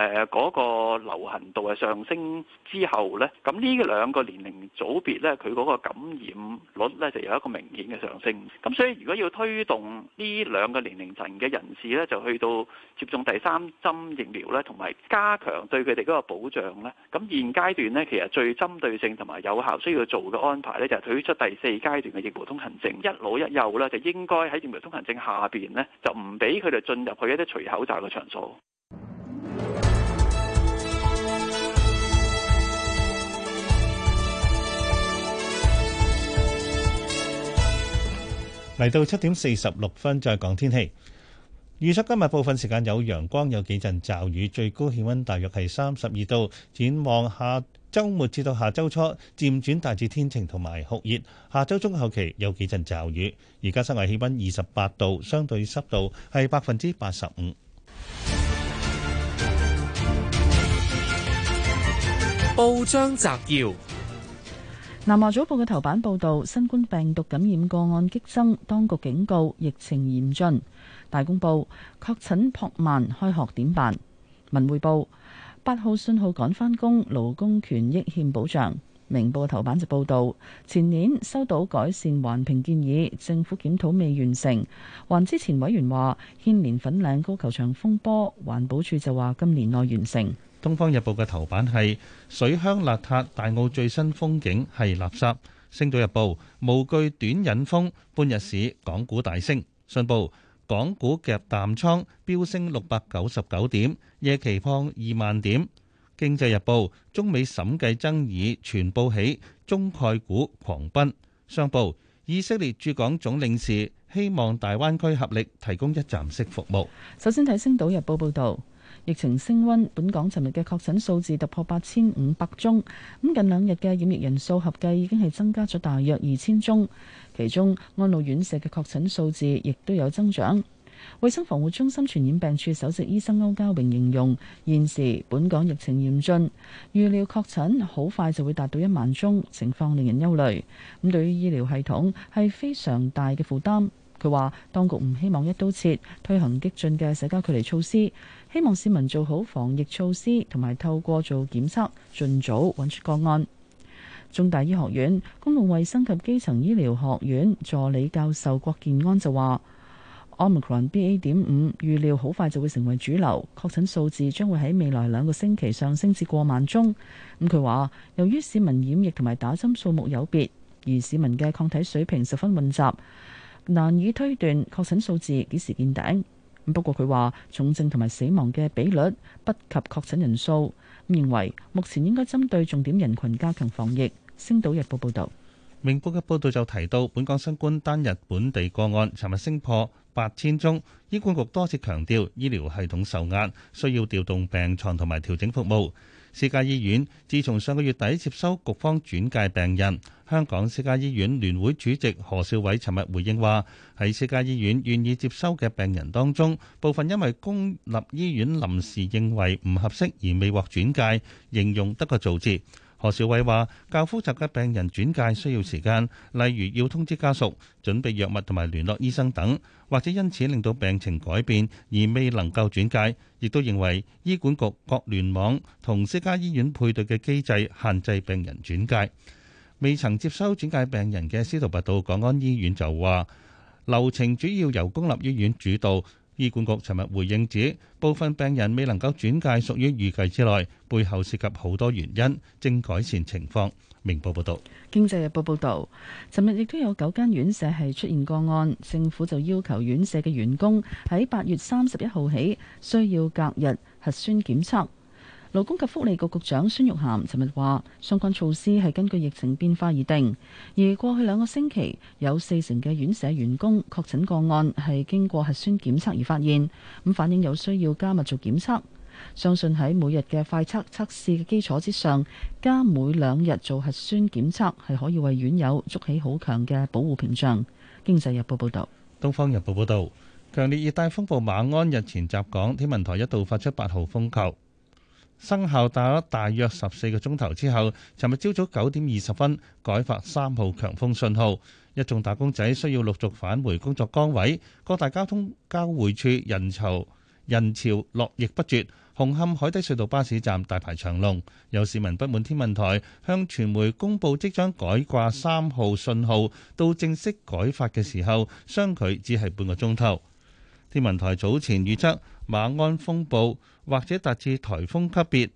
誒嗰、呃嗰個流行度嘅上升之後呢，咁呢兩個年齡組別呢，佢嗰個感染率呢就有一個明顯嘅上升。咁所以如果要推動呢兩個年齡層嘅人士呢，就去到接種第三針疫苗呢，同埋加強對佢哋嗰個保障呢。咁現階段呢，其實最針對性同埋有效需要做嘅安排呢，就係、是、推出第四階段嘅疫苗通行證，一老一幼呢，就應該喺疫苗通行證下邊呢，就唔俾佢哋進入去一啲除口罩嘅場所。嚟到七點四十六分，再講天氣。預測今日部分時間有陽光，有幾陣驟雨，最高氣溫大約係三十二度。展望下週末至到下周初，漸轉大致天晴同埋酷熱。下周中後期有幾陣驟雨。而家室外氣溫二十八度，相對濕度係百分之八十五。報章摘要。南華早報嘅頭版報道新冠病毒感染個案激增，當局警告疫情嚴峻。大公報確診破萬，開學點辦？文匯報八號信號趕返工，勞工權益欠保障。明報嘅頭版就報道前年收到改善環評建議，政府檢討未完成。還之前委員話牽連粉嶺高球場風波，環保署就話今年內完成。《東方日報》嘅頭版係水鄉邋遢，大澳最新風景係垃圾。《星島日報》無懼短引風，半日市港股大升。《信報》港股夾淡倉飆升六百九十九點，夜期破二萬點。《經濟日報》中美審計爭議全報起，中概股狂奔。《商報》以色列駐港總領事希望大灣區合力提供一站式服務。首先睇《星島日報》報道。疫情升溫，本港尋日嘅確診數字突破八千五百宗。咁近兩日嘅染疫人數合計已經係增加咗大約二千宗，其中安老院舍嘅確診數字亦都有增長，衛生防護中心傳染病處首席醫生歐家榮形容，現時本港疫情嚴峻，預料確診好快就會達到一萬宗，情況令人憂慮，咁對於醫療系統係非常大嘅負擔，佢話當局唔希望一刀切推行激進嘅社交距離措施。希望市民做好防疫措施，同埋透過做檢測，盡早揾出個案。中大醫學院公共衞生及基層醫療學院助理教授郭建安就話，Omicron BA. 點五預料好快就會成為主流，確診數字將會喺未來兩個星期上升至過萬宗。咁佢話，由於市民染疫同埋打針數目有別，而市民嘅抗體水平十分混雜，難以推斷確診數字幾時見頂。不過佢話，重症同埋死亡嘅比率不及確診人數，認為目前應該針對重點人群加強防疫。星島日報報道，明報嘅報導就提到，本港新冠單日本地個案尋日升破八千宗，醫管局多次強調醫療系統受壓，需要調動病床同埋調整服務。私家醫院自從上個月底接收局方轉介病人，香港私家醫院聯會主席何少偉尋日回應話：喺私家醫院願意接收嘅病人當中，部分因為公立醫院臨時認為唔合適而未獲轉介，形容得個造字。何兆偉話，較複雜嘅病人轉介需要時間，例如要通知家屬、準備藥物同埋聯絡醫生等，或者因此令到病情改變而未能夠轉介。亦都認為醫管局、各聯網同私家醫院配對嘅機制限制病人轉介。未曾接收轉介病人嘅司徒拔道港安醫院就話，流程主要由公立醫院主導。醫管局尋日回應指，部分病人未能夠轉介屬於預計之內，背後涉及好多原因，正改善情況。明報報道，《經濟日報》報道，尋日亦都有九間院舍係出現個案，政府就要求院舍嘅員工喺八月三十一號起需要隔日核酸檢測。勞工及福利局局長孫玉菡尋日話：相關措施係根據疫情變化而定。而過去兩個星期，有四成嘅院舍員工確診個案係經過核酸檢測而發現，咁反映有需要加密做檢測。相信喺每日嘅快測測試嘅基礎之上，加每兩日做核酸檢測係可以為院友築起好強嘅保護屏障。經濟日報報道，東方日報報道，強烈熱帶風暴馬鞍日前襲港，天文台一度發出八號風球。生效大約十四個鐘頭之後，尋日朝早九點二十分改發三號強風信號，一眾打工仔需要陸續返回工作崗位，各大交通交匯處人潮人潮絡繹不絕，紅磡海底隧道巴士站大排長龍，有市民不滿天文台向傳媒公佈即將改掛三號信號，到正式改發嘅時候相距只係半個鐘頭，天文台早前預測。馬鞍風暴或者達至台風級別，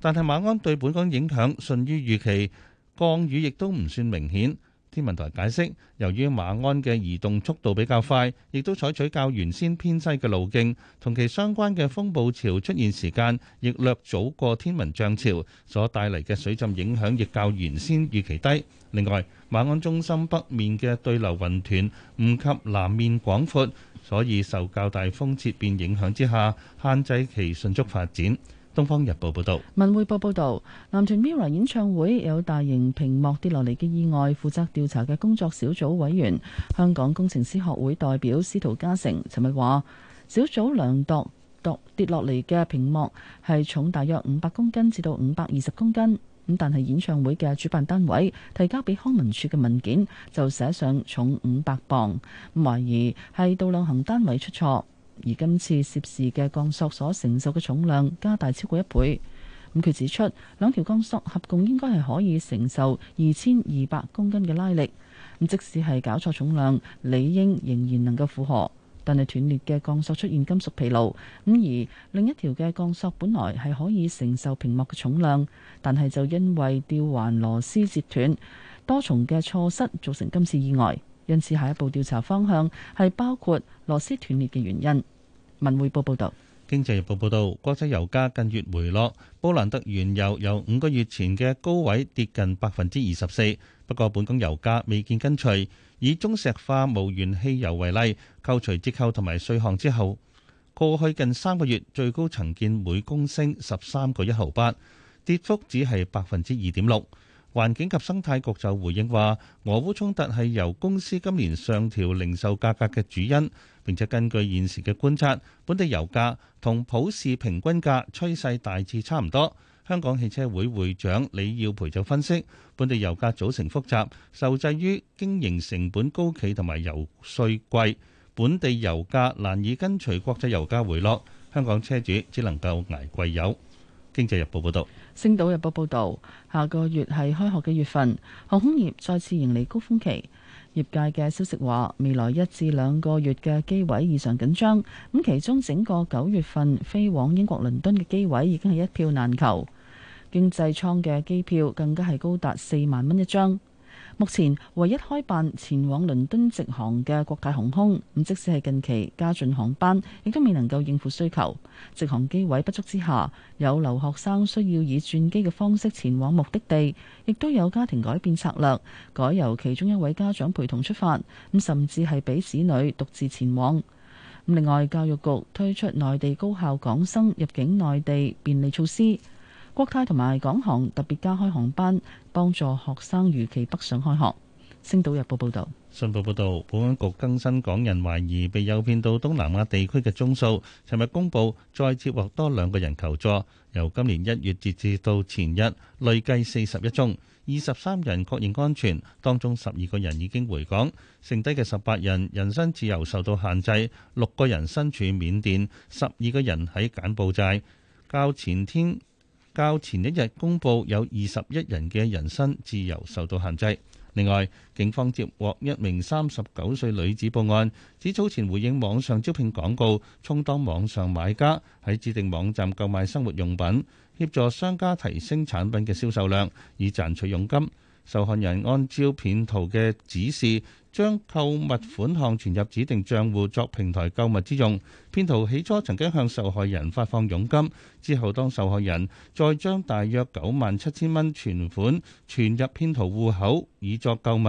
但係馬鞍對本港影響遜於預期，降雨亦都唔算明顯。天文台解釋，由於馬鞍嘅移動速度比較快，亦都採取較原先偏西嘅路徑，同其相關嘅風暴潮出現時間亦略早過天文漲潮，所帶嚟嘅水浸影響亦較原先預期低。另外，馬鞍中心北面嘅對流雲團唔及南面廣闊，所以受較大風切變影響之下，限制其迅速發展。《東方日報》報道，《文匯報》報道，藍田 MIRROR 演唱會有大型屏幕跌落嚟嘅意外，負責調查嘅工作小組委員香港工程師學會代表司徒嘉誠尋日話，小組量度度跌落嚟嘅屏幕係重大約五百公斤至到五百二十公斤。咁但係演唱會嘅主辦單位提交俾康文署嘅文件就寫上重五百磅，咁懷疑係度量衡單位出錯。而今次涉事嘅鋼索所承受嘅重量加大超過一倍。咁佢指出，兩條鋼索合共應該係可以承受二千二百公斤嘅拉力。咁即使係搞錯重量，理應仍然能夠負荷。但係斷裂嘅鋼索出現金屬疲勞，咁而另一條嘅鋼索本來係可以承受屏幕嘅重量，但係就因為吊環螺絲折斷，多重嘅錯失造成今次意外。因此下一步調查方向係包括螺絲斷裂嘅原因。文匯報報道。經濟日報報道，國際油價近月回落，布蘭特原油由五個月前嘅高位跌近百分之二十四。不過，本港油價未見跟隨，以中石化無鉛汽油為例，扣除折扣同埋稅項之後，過去近三個月最高曾見每公升十三個一毫八，跌幅只係百分之二點六。環境及生態局就回應話，俄烏衝突係由公司今年上調零售價格嘅主因，並且根據現時嘅觀察，本地油價同普市平均價趨勢大致差唔多。香港汽車會會長李耀培就分析，本地油價組成複雜，受制於經營成本高企同埋油稅貴，本地油價難以跟隨國際油價回落，香港車主只能夠捱貴油。經濟日報報道。星島日報報道，下個月係開學嘅月份，航空業再次迎嚟高峰期。業界嘅消息話，未來一至兩個月嘅機位異常緊張。咁其中整個九月份飛往英國倫敦嘅機位已經係一票難求，經濟艙嘅機票更加係高達四萬蚊一張。目前唯一開辦前往倫敦直航嘅國泰航空，咁即使係近期加進航班，亦都未能夠應付需求。直航機位不足之下，有留學生需要以轉機嘅方式前往目的地，亦都有家庭改變策略，改由其中一位家長陪同出發，咁甚至係俾子女獨自前往。咁另外，教育局推出內地高校港生入境內地便利措施。國泰同埋港航特別加開航班，幫助學生如期北上開學。星島日報報道，信報報道，保安局更新港人懷疑被誘騙到東南亞地區嘅宗數，尋日公布再接獲多兩個人求助，由今年一月截至到前日累計四十一宗，二十三人確認安全，當中十二個人已經回港，剩低嘅十八人人身自由受到限制，六個人身處緬甸，十二個人喺柬埔寨。較前天。較前一日公布，有二十一人嘅人身自由受到限制。另外，警方接獲一名三十九歲女子報案，指早前回應網上招聘廣告，充當網上買家，喺指定網站購買生活用品，協助商家提升產品嘅銷售量，以賺取佣金。受害人按照騙徒嘅指示，將購物款項存入指定帳戶作平台購物之用。騙徒起初曾經向受害人發放佣金，之後當受害人再將大約九萬七千蚊存款存入騙徒戶口以作購物，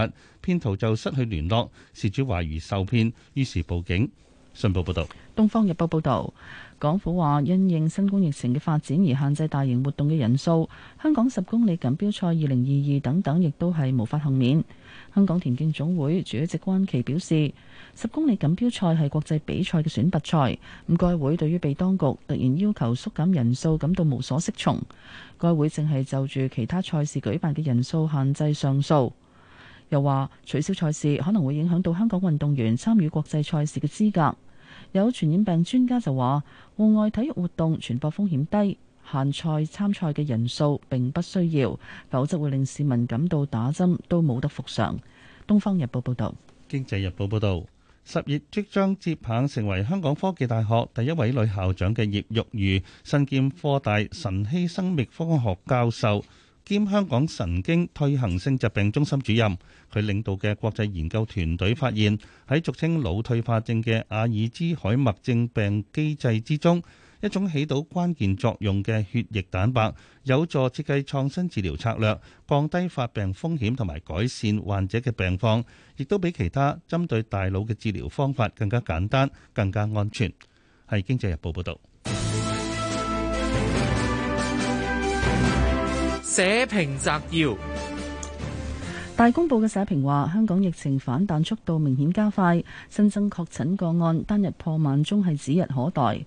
騙徒就失去聯絡。事主懷疑受騙，於是報警。信報報導，《東方日報》報道。港府話因應新冠疫情嘅發展而限制大型活動嘅人數，香港十公里錦標賽、二零二二等等，亦都係無法幸免。香港田徑總會主席關祺表示，十公里錦標賽係國際比賽嘅選拔賽，咁該會對於被當局突然要求縮減人數感到無所適從。該會正係就住其他賽事舉辦嘅人數限制上訴，又話取消賽事可能會影響到香港運動員參與國際賽事嘅資格。有傳染病專家就話：戶外體育活動傳播風險低，限賽參賽嘅人數並不需要，否則會令市民感到打針都冇得復常。《東方日報》報導，《經濟日報》報導，十月即將接棒成為香港科技大學第一位女校長嘅葉玉如，身兼科大晨興生命科學教授。兼香港神經退行性疾病中心主任，佢領導嘅國際研究團隊發現，喺俗稱腦退化症嘅阿爾茲海默症病機制之中，一種起到關鍵作用嘅血液蛋白，有助設計創新治療策略，降低發病風險同埋改善患者嘅病況，亦都比其他針對大腦嘅治療方法更加簡單、更加安全。係《經濟日報》報導。社評摘要：大公報嘅社評話，香港疫情反彈速度明顯加快，新增確診個案單日破萬宗係指日可待。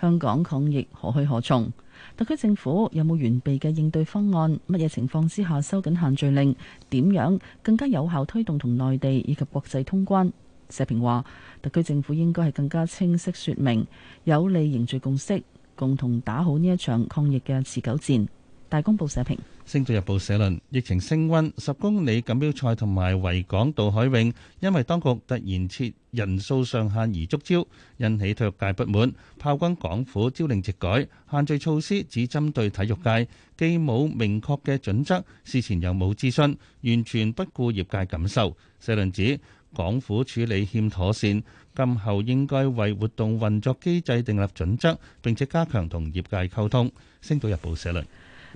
香港抗疫何去何從？特區政府有冇完備嘅應對方案？乜嘢情況之下收緊限聚令？點樣更加有效推動同內地以及國際通關？社評話，特區政府應該係更加清晰說明，有利凝聚共識，共同打好呢一場抗疫嘅持久戰。大公報社評，《星島日報》社論：疫情升溫，十公里錦標賽同埋維港渡海泳，因為當局突然設人數上限而捉招，引起體育界不滿。炮轟港府，朝令夕改限聚措施，只針對體育界，既冇明確嘅準則，事前又冇諮詢，完全不顧業界感受。社論指港府處理欠妥善，今後應該為活動運作機制訂立準則，並且加強同業界溝通。《星島日報》社論。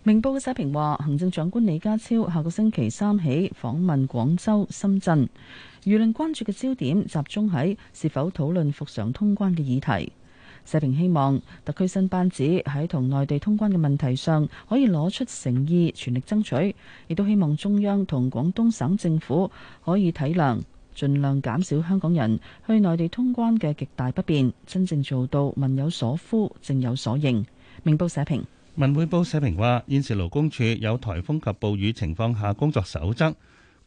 明報嘅社評話，行政長官李家超下個星期三起訪問廣州、深圳，輿論關注嘅焦點集中喺是否討論復常通關嘅議題。社評希望特區新班子喺同內地通關嘅問題上可以攞出誠意，全力爭取，亦都希望中央同廣東省政府可以體諒，盡量減少香港人去內地通關嘅極大不便，真正做到民有所呼，政有所應。明報社評。文匯報社評話，現時勞工處有颱風及暴雨情況下工作守則，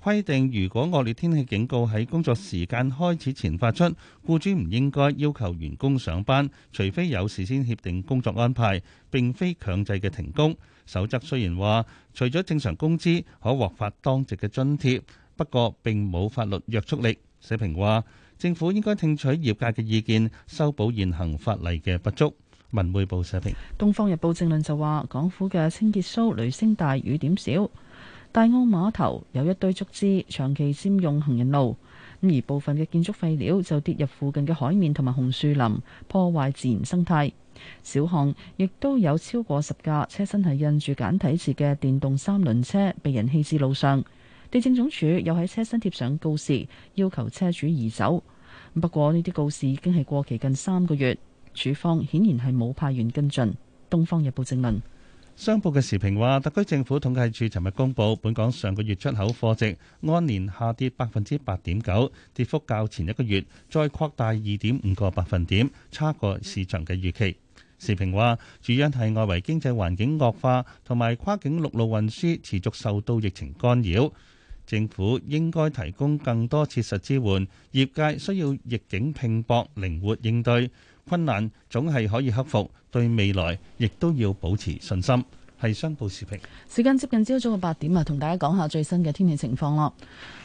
規定如果惡劣天氣警告喺工作時間開始前發出，僱主唔應該要求員工上班，除非有事先協定工作安排，並非強制嘅停工。守則雖然話，除咗正常工資可獲發當值嘅津貼，不過並冇法律約束力。社評話，政府應該聽取業界嘅意見，修補現行法例嘅不足。文匯報社評，《東方日報正論》就話，港府嘅清潔疏雷聲大雨點小，大澳碼頭有一堆竹枝長期佔用行人路，咁而部分嘅建築廢料就跌入附近嘅海面同埋紅樹林，破壞自然生態。小巷亦都有超過十架車身係印住簡體字嘅電動三輪車被人棄置路上，地政總署又喺車身貼上告示，要求車主移走。不過呢啲告示已經係過期近三個月。處方顯然係冇派員跟進。東方日報正論，商報嘅時評話，特區政府統計處尋日公布，本港上個月出口貨值按年下跌百分之八點九，跌幅較前一個月再擴大二點五個百分點，差過市場嘅預期。時評話，主因係外圍經濟環境惡化，同埋跨境陸路運輸持續受到疫情干擾。政府應該提供更多切實支援，業界需要逆境拼搏，靈活應對。困難總係可以克服，對未來亦都要保持信心。係商報時評。時間接近朝早嘅八點啊，同大家講下最新嘅天氣情況咯。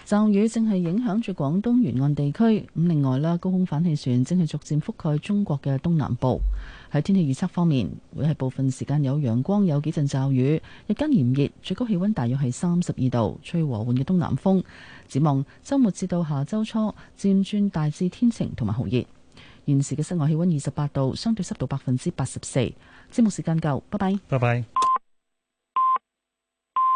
驟雨正係影響住廣東沿岸地區，咁另外咧，高空反氣旋正係逐漸覆蓋中國嘅東南部。喺天氣預測方面，會係部分時間有陽光，有幾陣驟雨，日間炎熱，最高氣温大約係三十二度，吹和緩嘅東南風。展望周末至到下周初，漸轉大致天晴同埋酷熱。現時嘅室外氣溫二十八度，相對濕度百分之八十四。節目時間夠，拜拜。拜拜。